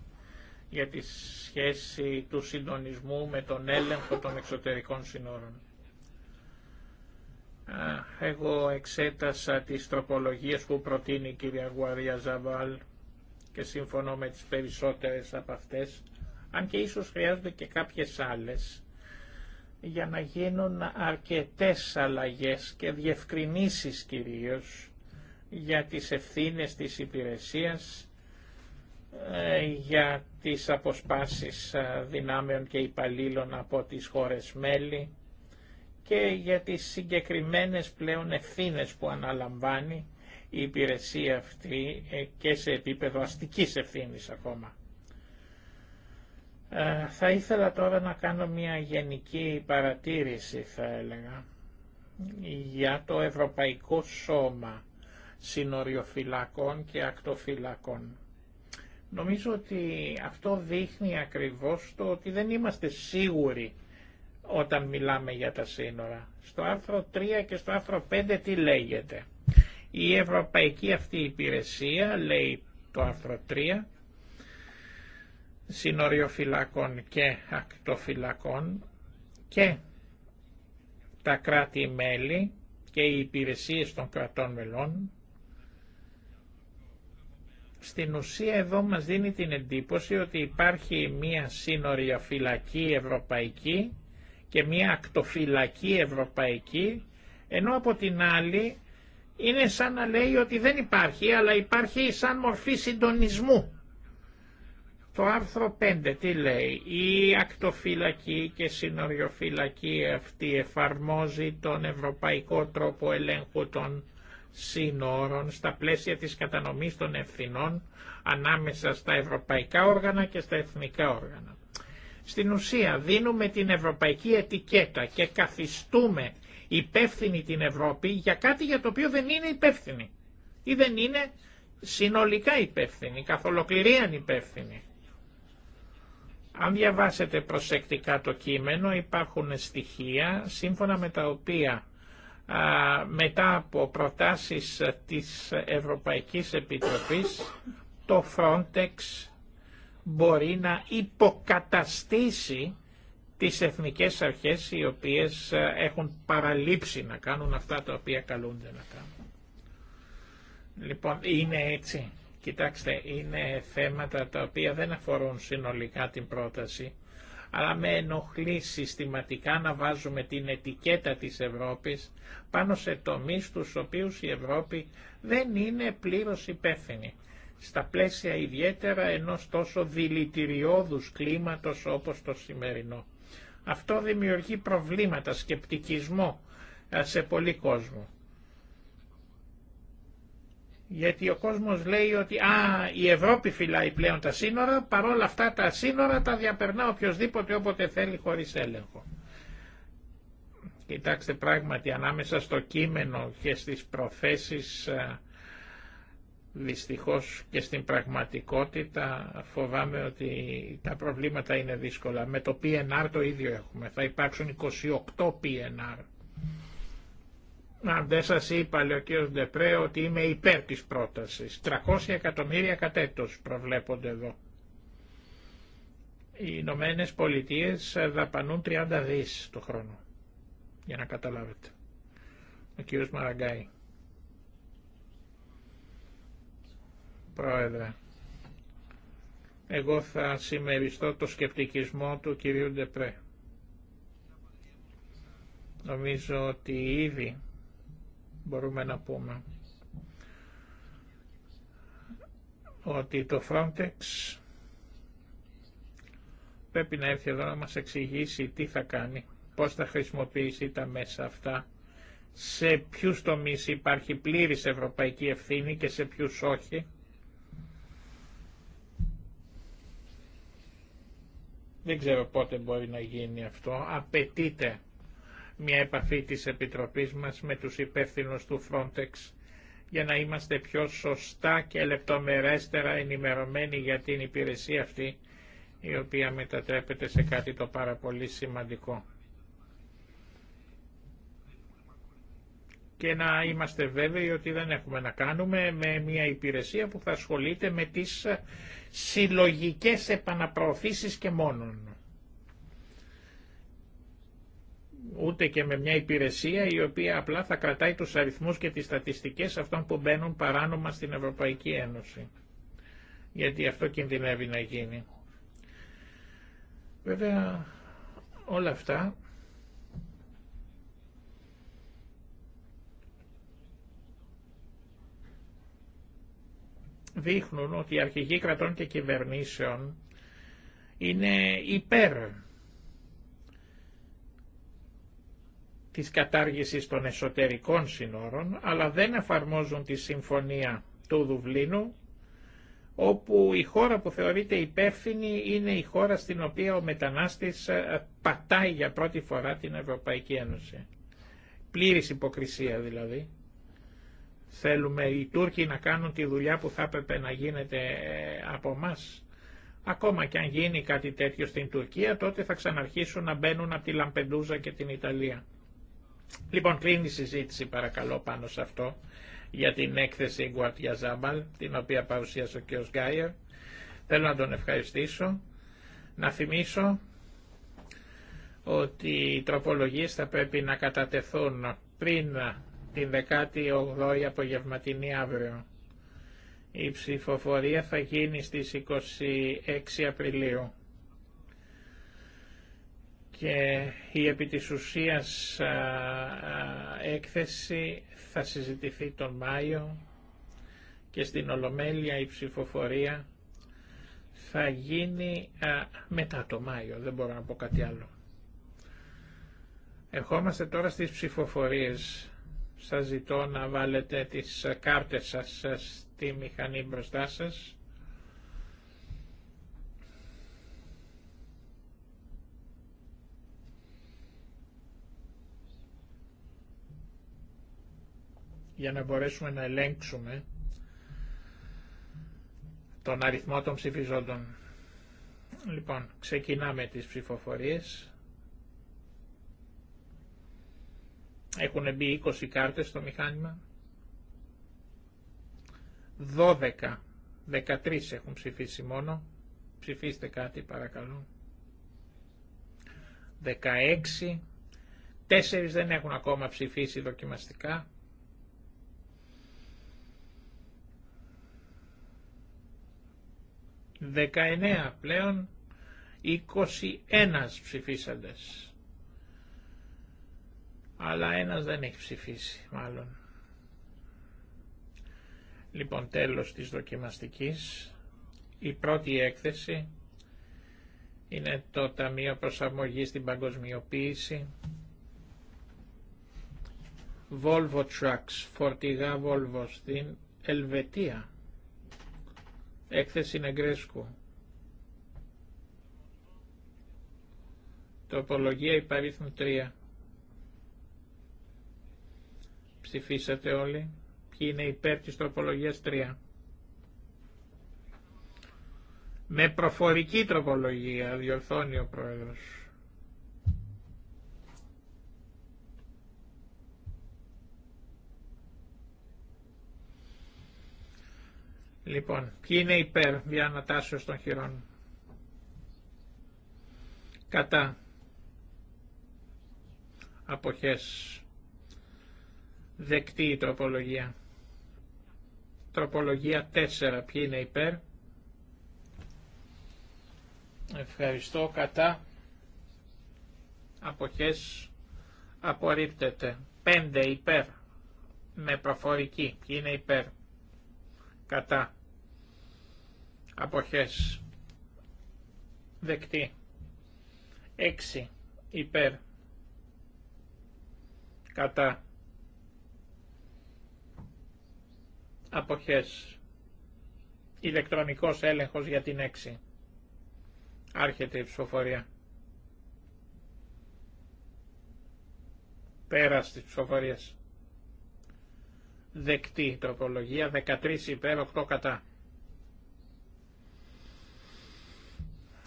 για τη σχέση του συντονισμού με τον έλεγχο των εξωτερικών συνόρων. Εγώ εξέτασα τις τροπολογίες που προτείνει η κυρία Γουαρία Ζαβάλ και συμφωνώ με τις περισσότερες από αυτές, αν και ίσως χρειάζονται και κάποιες άλλες για να γίνουν αρκετές αλλαγές και διευκρινήσεις κυρίως για τις ευθύνες της υπηρεσίας, ε, για τις αποσπάσεις ε, δυνάμεων και υπαλλήλων από τις χώρες μέλη και για τις συγκεκριμένες πλέον ευθύνες που αναλαμβάνει η υπηρεσία αυτή ε, και σε επίπεδο αστικής ευθύνης ακόμα. Ε, θα ήθελα τώρα να κάνω μια γενική παρατήρηση θα έλεγα για το Ευρωπαϊκό Σώμα Συνοριοφυλακών και Ακτοφυλακών. Νομίζω ότι αυτό δείχνει ακριβώς το ότι δεν είμαστε σίγουροι όταν μιλάμε για τα σύνορα. Στο άρθρο 3 και στο άρθρο 5 τι λέγεται. Η Ευρωπαϊκή αυτή υπηρεσία, λέει το άρθρο 3, συνοριοφυλακών και ακτοφυλακών και τα κράτη-μέλη και οι υπηρεσίες των κρατών μελών στην ουσία εδώ μας δίνει την εντύπωση ότι υπάρχει μία σύνοριοφυλακή ευρωπαϊκή και μία ακτοφυλακή ευρωπαϊκή ενώ από την άλλη είναι σαν να λέει ότι δεν υπάρχει αλλά υπάρχει σαν μορφή συντονισμού το άρθρο 5 τι λέει, η ακτοφυλακή και συνοριοφυλακή αυτή εφαρμόζει τον ευρωπαϊκό τρόπο ελέγχου των σύνορων στα πλαίσια της κατανομής των ευθυνών ανάμεσα στα ευρωπαϊκά όργανα και στα εθνικά όργανα. Στην ουσία δίνουμε την ευρωπαϊκή ετικέτα και καθιστούμε υπεύθυνη την Ευρώπη για κάτι για το οποίο δεν είναι υπεύθυνη ή δεν είναι συνολικά υπεύθυνη, καθ' ολοκληρίαν υπεύθυνη. Αν διαβάσετε προσεκτικά το κείμενο υπάρχουν στοιχεία σύμφωνα με τα οποία μετά από προτάσεις της Ευρωπαϊκής Επιτροπής το Frontex μπορεί να υποκαταστήσει τις εθνικές αρχές οι οποίες έχουν παραλείψει να κάνουν αυτά τα οποία καλούνται να κάνουν. Λοιπόν, είναι έτσι. Κοιτάξτε, είναι θέματα τα οποία δεν αφορούν συνολικά την πρόταση, αλλά με ενοχλεί συστηματικά να βάζουμε την ετικέτα της Ευρώπης πάνω σε τομείς τους οποίους η Ευρώπη δεν είναι πλήρως υπεύθυνη. Στα πλαίσια ιδιαίτερα ενός τόσο δηλητηριώδους κλίματος όπως το σημερινό. Αυτό δημιουργεί προβλήματα, σκεπτικισμό ε, σε πολλοί κόσμο. Γιατί ο κόσμος λέει ότι α, η Ευρώπη φυλάει πλέον τα σύνορα, παρόλα αυτά τα σύνορα τα διαπερνά οποιοδήποτε όποτε θέλει χωρίς έλεγχο. Κοιτάξτε πράγματι ανάμεσα στο κείμενο και στις προθέσεις ε, δυστυχώς και στην πραγματικότητα φοβάμαι ότι τα προβλήματα είναι δύσκολα. Με το PNR το ίδιο έχουμε. Θα υπάρξουν 28 PNR. Αν δεν σα είπα, λέει ο κ. Ντεπρέ, ότι είμαι υπέρ τη πρόταση. 300 εκατομμύρια κατέτος προβλέπονται εδώ. Οι Ηνωμένε Πολιτείε δαπανούν 30 δι το χρόνο. Για να καταλάβετε. Ο κύριος Μαραγκάη. Πρόεδρε. Εγώ θα συμμεριστώ το σκεπτικισμό του κυρίου Ντεπρέ. Νομίζω ότι ήδη μπορούμε να πούμε ότι το Frontex πρέπει να έρθει εδώ να μας εξηγήσει τι θα κάνει, πώς θα χρησιμοποιήσει τα μέσα αυτά, σε ποιους τομείς υπάρχει πλήρης ευρωπαϊκή ευθύνη και σε ποιους όχι. Δεν ξέρω πότε μπορεί να γίνει αυτό. Απαιτείται μια επαφή της Επιτροπής μας με τους υπεύθυνους του Frontex για να είμαστε πιο σωστά και λεπτομερέστερα ενημερωμένοι για την υπηρεσία αυτή η οποία μετατρέπεται σε κάτι το πάρα πολύ σημαντικό. Και να είμαστε βέβαιοι ότι δεν έχουμε να κάνουμε με μια υπηρεσία που θα ασχολείται με τις συλλογικές επαναπροωθήσεις και μόνον. ούτε και με μια υπηρεσία η οποία απλά θα κρατάει τους αριθμούς και τις στατιστικές αυτών που μπαίνουν παράνομα στην Ευρωπαϊκή Ένωση. Γιατί αυτό κινδυνεύει να γίνει. Βέβαια όλα αυτά δείχνουν ότι οι αρχηγοί κρατών και κυβερνήσεων είναι υπέρ της κατάργησης των εσωτερικών συνόρων, αλλά δεν εφαρμόζουν τη συμφωνία του Δουβλίνου, όπου η χώρα που θεωρείται υπεύθυνη είναι η χώρα στην οποία ο μετανάστης ε, πατάει για πρώτη φορά την Ευρωπαϊκή Ένωση. Πλήρης υποκρισία δηλαδή. Θέλουμε οι Τούρκοι να κάνουν τη δουλειά που θα έπρεπε να γίνεται ε, από εμά. Ακόμα και αν γίνει κάτι τέτοιο στην Τουρκία, τότε θα ξαναρχίσουν να μπαίνουν από τη Λαμπεντούζα και την Ιταλία. Λοιπόν, κλείνει η συζήτηση παρακαλώ πάνω σε αυτό για την έκθεση Γκουατιά Ζάμπαλ, την οποία παρουσίασε ο κ. Γκάιερ. Θέλω να τον ευχαριστήσω. Να θυμίσω ότι οι τροπολογίες θα πρέπει να κατατεθούν πριν την 18η απογευματινή αύριο. Η ψηφοφορία θα γίνει στις 26 Απριλίου και η επί της ουσίας έκθεση θα συζητηθεί τον Μάιο και στην Ολομέλεια η ψηφοφορία θα γίνει μετά το Μάιο, δεν μπορώ να πω κάτι άλλο. Ερχόμαστε τώρα στις ψηφοφορίες. Σας ζητώ να βάλετε τις κάρτες σας στη μηχανή μπροστά σας. για να μπορέσουμε να ελέγξουμε τον αριθμό των ψηφιζόντων. Λοιπόν, ξεκινάμε τις ψηφοφορίες. Έχουν μπει 20 κάρτες στο μηχάνημα. 12, 13 έχουν ψηφίσει μόνο. Ψηφίστε κάτι παρακαλώ. 16, 4 δεν έχουν ακόμα ψηφίσει δοκιμαστικά. 19 πλέον 21 ψηφίσαντες. Αλλά ένας δεν έχει ψηφίσει μάλλον. Λοιπόν τέλος της δοκιμαστικής. Η πρώτη έκθεση είναι το Ταμείο Προσαρμογής στην Παγκοσμιοποίηση. Volvo Trucks, φορτηγά Volvo στην Ελβετία. Έκθεση Νεγκρέσκου. Τροπολογία υπαρίθμου 3. Ψηφίσατε όλοι. Ποιοι είναι υπέρ της τροπολογίας 3. Με προφορική τροπολογία διορθώνει ο Πρόεδρος. Λοιπόν, ποιοι είναι υπέρ για ανατάσσεως των χειρών. Κατά. Αποχές. Δεκτή η τροπολογία. Τροπολογία 4. Ποιοι είναι υπέρ. Ευχαριστώ. Κατά. Αποχές. Απορρίπτεται. 5 υπέρ. Με προφορική. Ποιοι είναι υπέρ. Κατά αποχές δεκτή 6 υπέρ κατά αποχές ηλεκτρονικός έλεγχος για την 6 άρχεται η ψηφοφορία πέρας της ψηφοφορίας δεκτή τροπολογία 13 υπέρ 8 κατά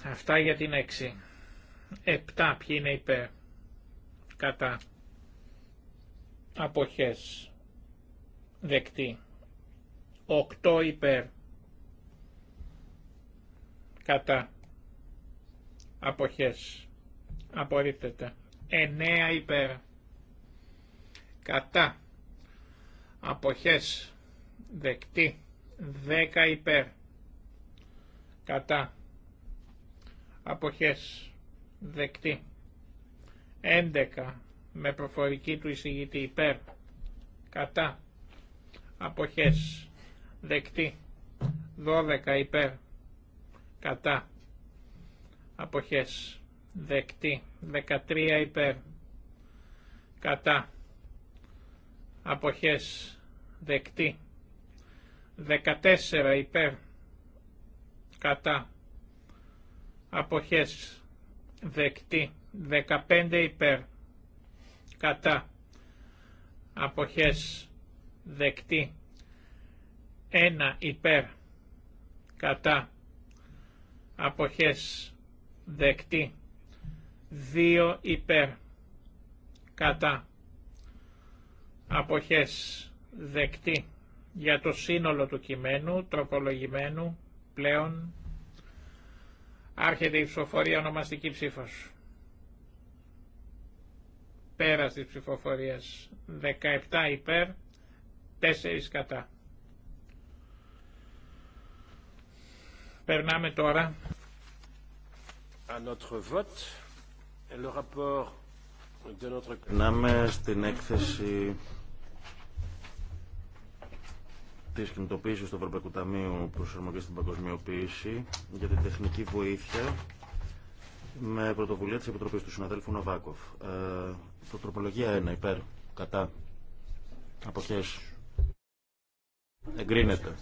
Αυτά για την 6. 7 ποιοι είναι υπέρ. Κατά. Αποχές. Δεκτή. 8 υπέρ. Κατά. Αποχές. Απορρίπτεται. 9 υπέρ. Κατά. Αποχές. Δεκτή. 10 υπέρ. Κατά αποχές δεκτή 11 με προφορική του εισηγητή υπέρ κατά αποχές δεκτή 12 υπέρ κατά αποχές δεκτή 13 υπέρ κατά αποχές δεκτή 14 υπέρ κατά αποχές δεκτή 15 υπέρ κατά αποχές δεκτή 1 υπέρ κατά αποχές δεκτή 2 υπέρ κατά αποχές δεκτή για το σύνολο του κειμένου τροπολογημένου πλέον Άρχεται η ψηφοφορία ονομαστική ψήφος. Πέρας της ψηφοφορίας 17 υπέρ, 4 κατά. Περνάμε τώρα. Περνάμε στην έκθεση Τη κινητοποίηση του Ευρωπαϊκού Ταμείου προσαρμογή στην Παγκοσμιοποίηση για την τεχνική βοήθεια με πρωτοβουλία της Επιτροπή του συναδέλφου Νοβάκοφ. Ε, τροπολογία 1, υπέρ, κατά, αποχές, εγκρίνεται.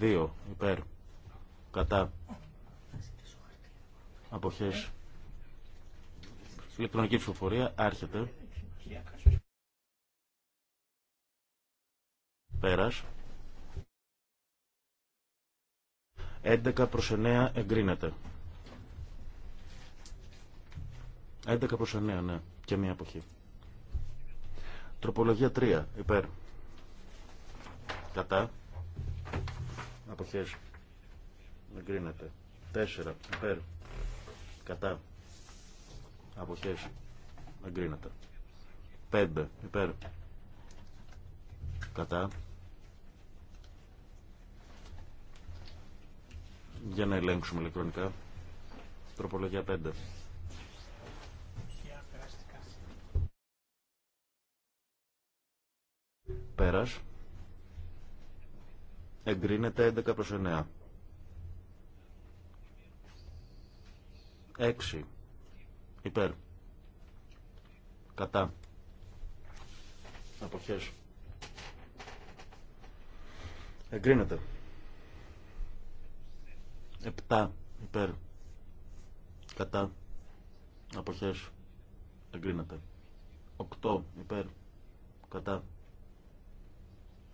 2, υπέρ, κατά, αποχές, ηλεκτρονική ψηφοφορία, άρχεται. Πέρας. 11 προς 9 εγκρίνεται. 11 προς 9, ναι. Και μία αποχή. Τροπολογία 3. Υπέρ. Κατά. Αποχέ. Εγκρίνεται. 4. Υπέρ. Κατά. Αποχές. Εγκρίνεται. 5. Υπέρ. Κατά. Για να ελέγξουμε ηλεκτρονικά. Τροπολογία 5. Πέρας. Εγκρίνεται 11 προς 9. 6. Υπέρ. Κατά. Αποχές. Εγκρίνεται. 7 υπέρ κατά αποχέ, εγκρίνεται 8 υπέρ κατά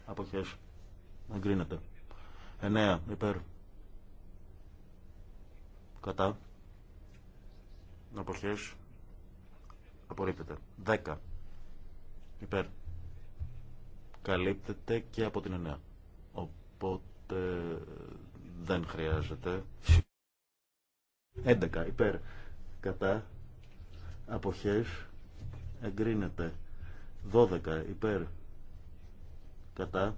Αποχέ. εγκρίνεται 9 υπέρ κατά Αποχέ, απορρίπτεται 10 υπέρ καλύπτεται και από την 9 οπότε δεν χρειάζεται. 11 υπέρ κατά αποχές εγκρίνεται 12 υπέρ κατά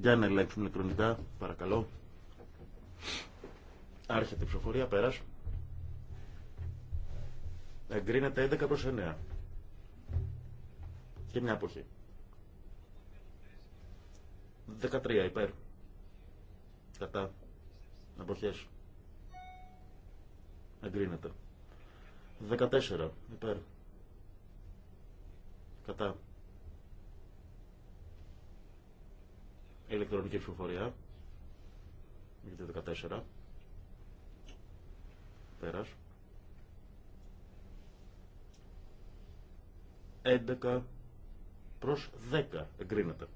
για να ελέγξουμε ηλεκτρονικά παρακαλώ άρχεται η ψηφοφορία πέρας εγκρίνεται 11 προς 9 και μια αποχή 13 υπέρ. Κατά. Αποχές. Εγκρίνεται. 14 υπέρ. Κατά. Ηλεκτρονική ψηφοφορία. Για το 14. πέρα. 11 προς 10 εγκρίνεται.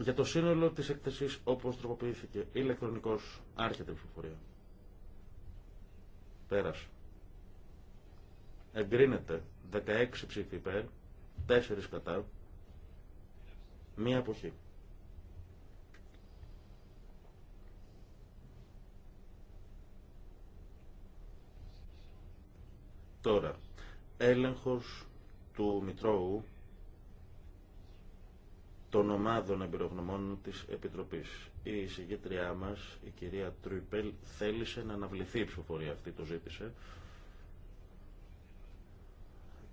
Για το σύνολο της έκθεσης όπως τροποποιήθηκε ηλεκτρονικός άρχεται η ψηφοφορία. Πέρασε. Εγκρίνεται 16 ψήφοι υπέρ, 4 κατά, μία αποχή. Τώρα, έλεγχος του Μητρώου των ομάδων εμπειρογνωμών της Επιτροπής. Η εισηγητριά μας, η κυρία Τρουιπέλ, θέλησε να αναβληθεί η ψηφοφορία αυτή, το ζήτησε.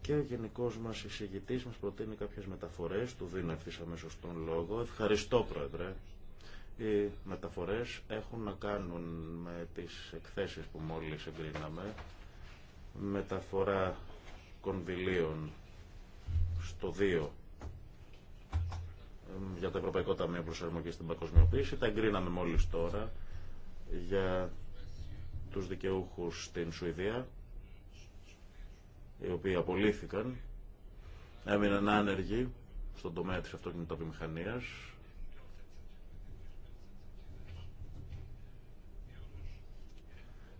Και ο γενικό μα εισηγητή μα προτείνει κάποιε μεταφορέ. Του δίνω ευθύ αμέσω τον λόγο. Ευχαριστώ, Πρόεδρε. Οι μεταφορέ έχουν να κάνουν με τι εκθέσει που μόλι εγκρίναμε. Μεταφορά κονδυλίων στο 2 για το Ευρωπαϊκό Ταμείο Προσαρμογή στην Παγκοσμιοποίηση. Τα εγκρίναμε μόλις τώρα για του δικαιούχου στην Σουηδία, οι οποίοι απολύθηκαν, έμειναν άνεργοι στον τομέα της αυτοκινητοβιομηχανία.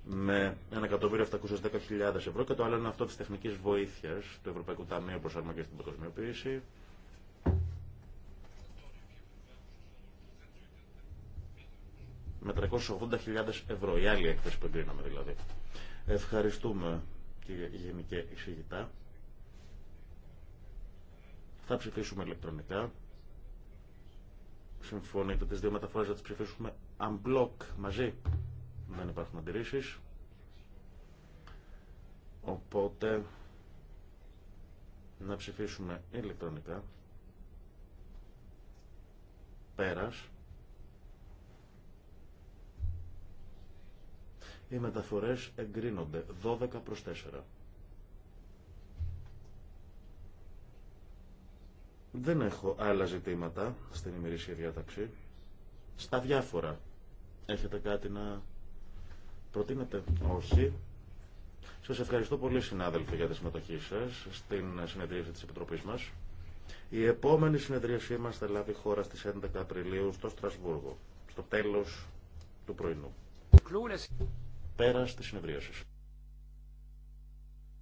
με 1.710.000 ευρώ και το άλλο είναι αυτό της τεχνικής βοήθειας του Ευρωπαϊκού Ταμείου Προσαρμογής στην Παγκοσμιοποίηση με 380.000 ευρώ. Η άλλη έκθεση που εγκρίναμε δηλαδή. Ευχαριστούμε κύριε Γενική Εισηγητά. Θα ψηφίσουμε ηλεκτρονικά. Συμφωνείτε τις δύο μεταφορές θα τις ψηφίσουμε unblock μαζί. Δεν υπάρχουν αντιρρήσεις. Οπότε να ψηφίσουμε ηλεκτρονικά. Πέρας. Οι μεταφορές εγκρίνονται 12 προς 4. Δεν έχω άλλα ζητήματα στην ημερήσια διάταξη. Στα διάφορα. Έχετε κάτι να προτείνετε. Όχι. Σας ευχαριστώ πολύ συνάδελφοι για τη συμμετοχή σας στην συνεδρίαση της Επιτροπής μας. Η επόμενη συνεδρίασή μας θα λάβει χώρα στις 11 Απριλίου στο Στρασβούργο, στο τέλος του πρωινού. Πέρας της συνεδρίασης.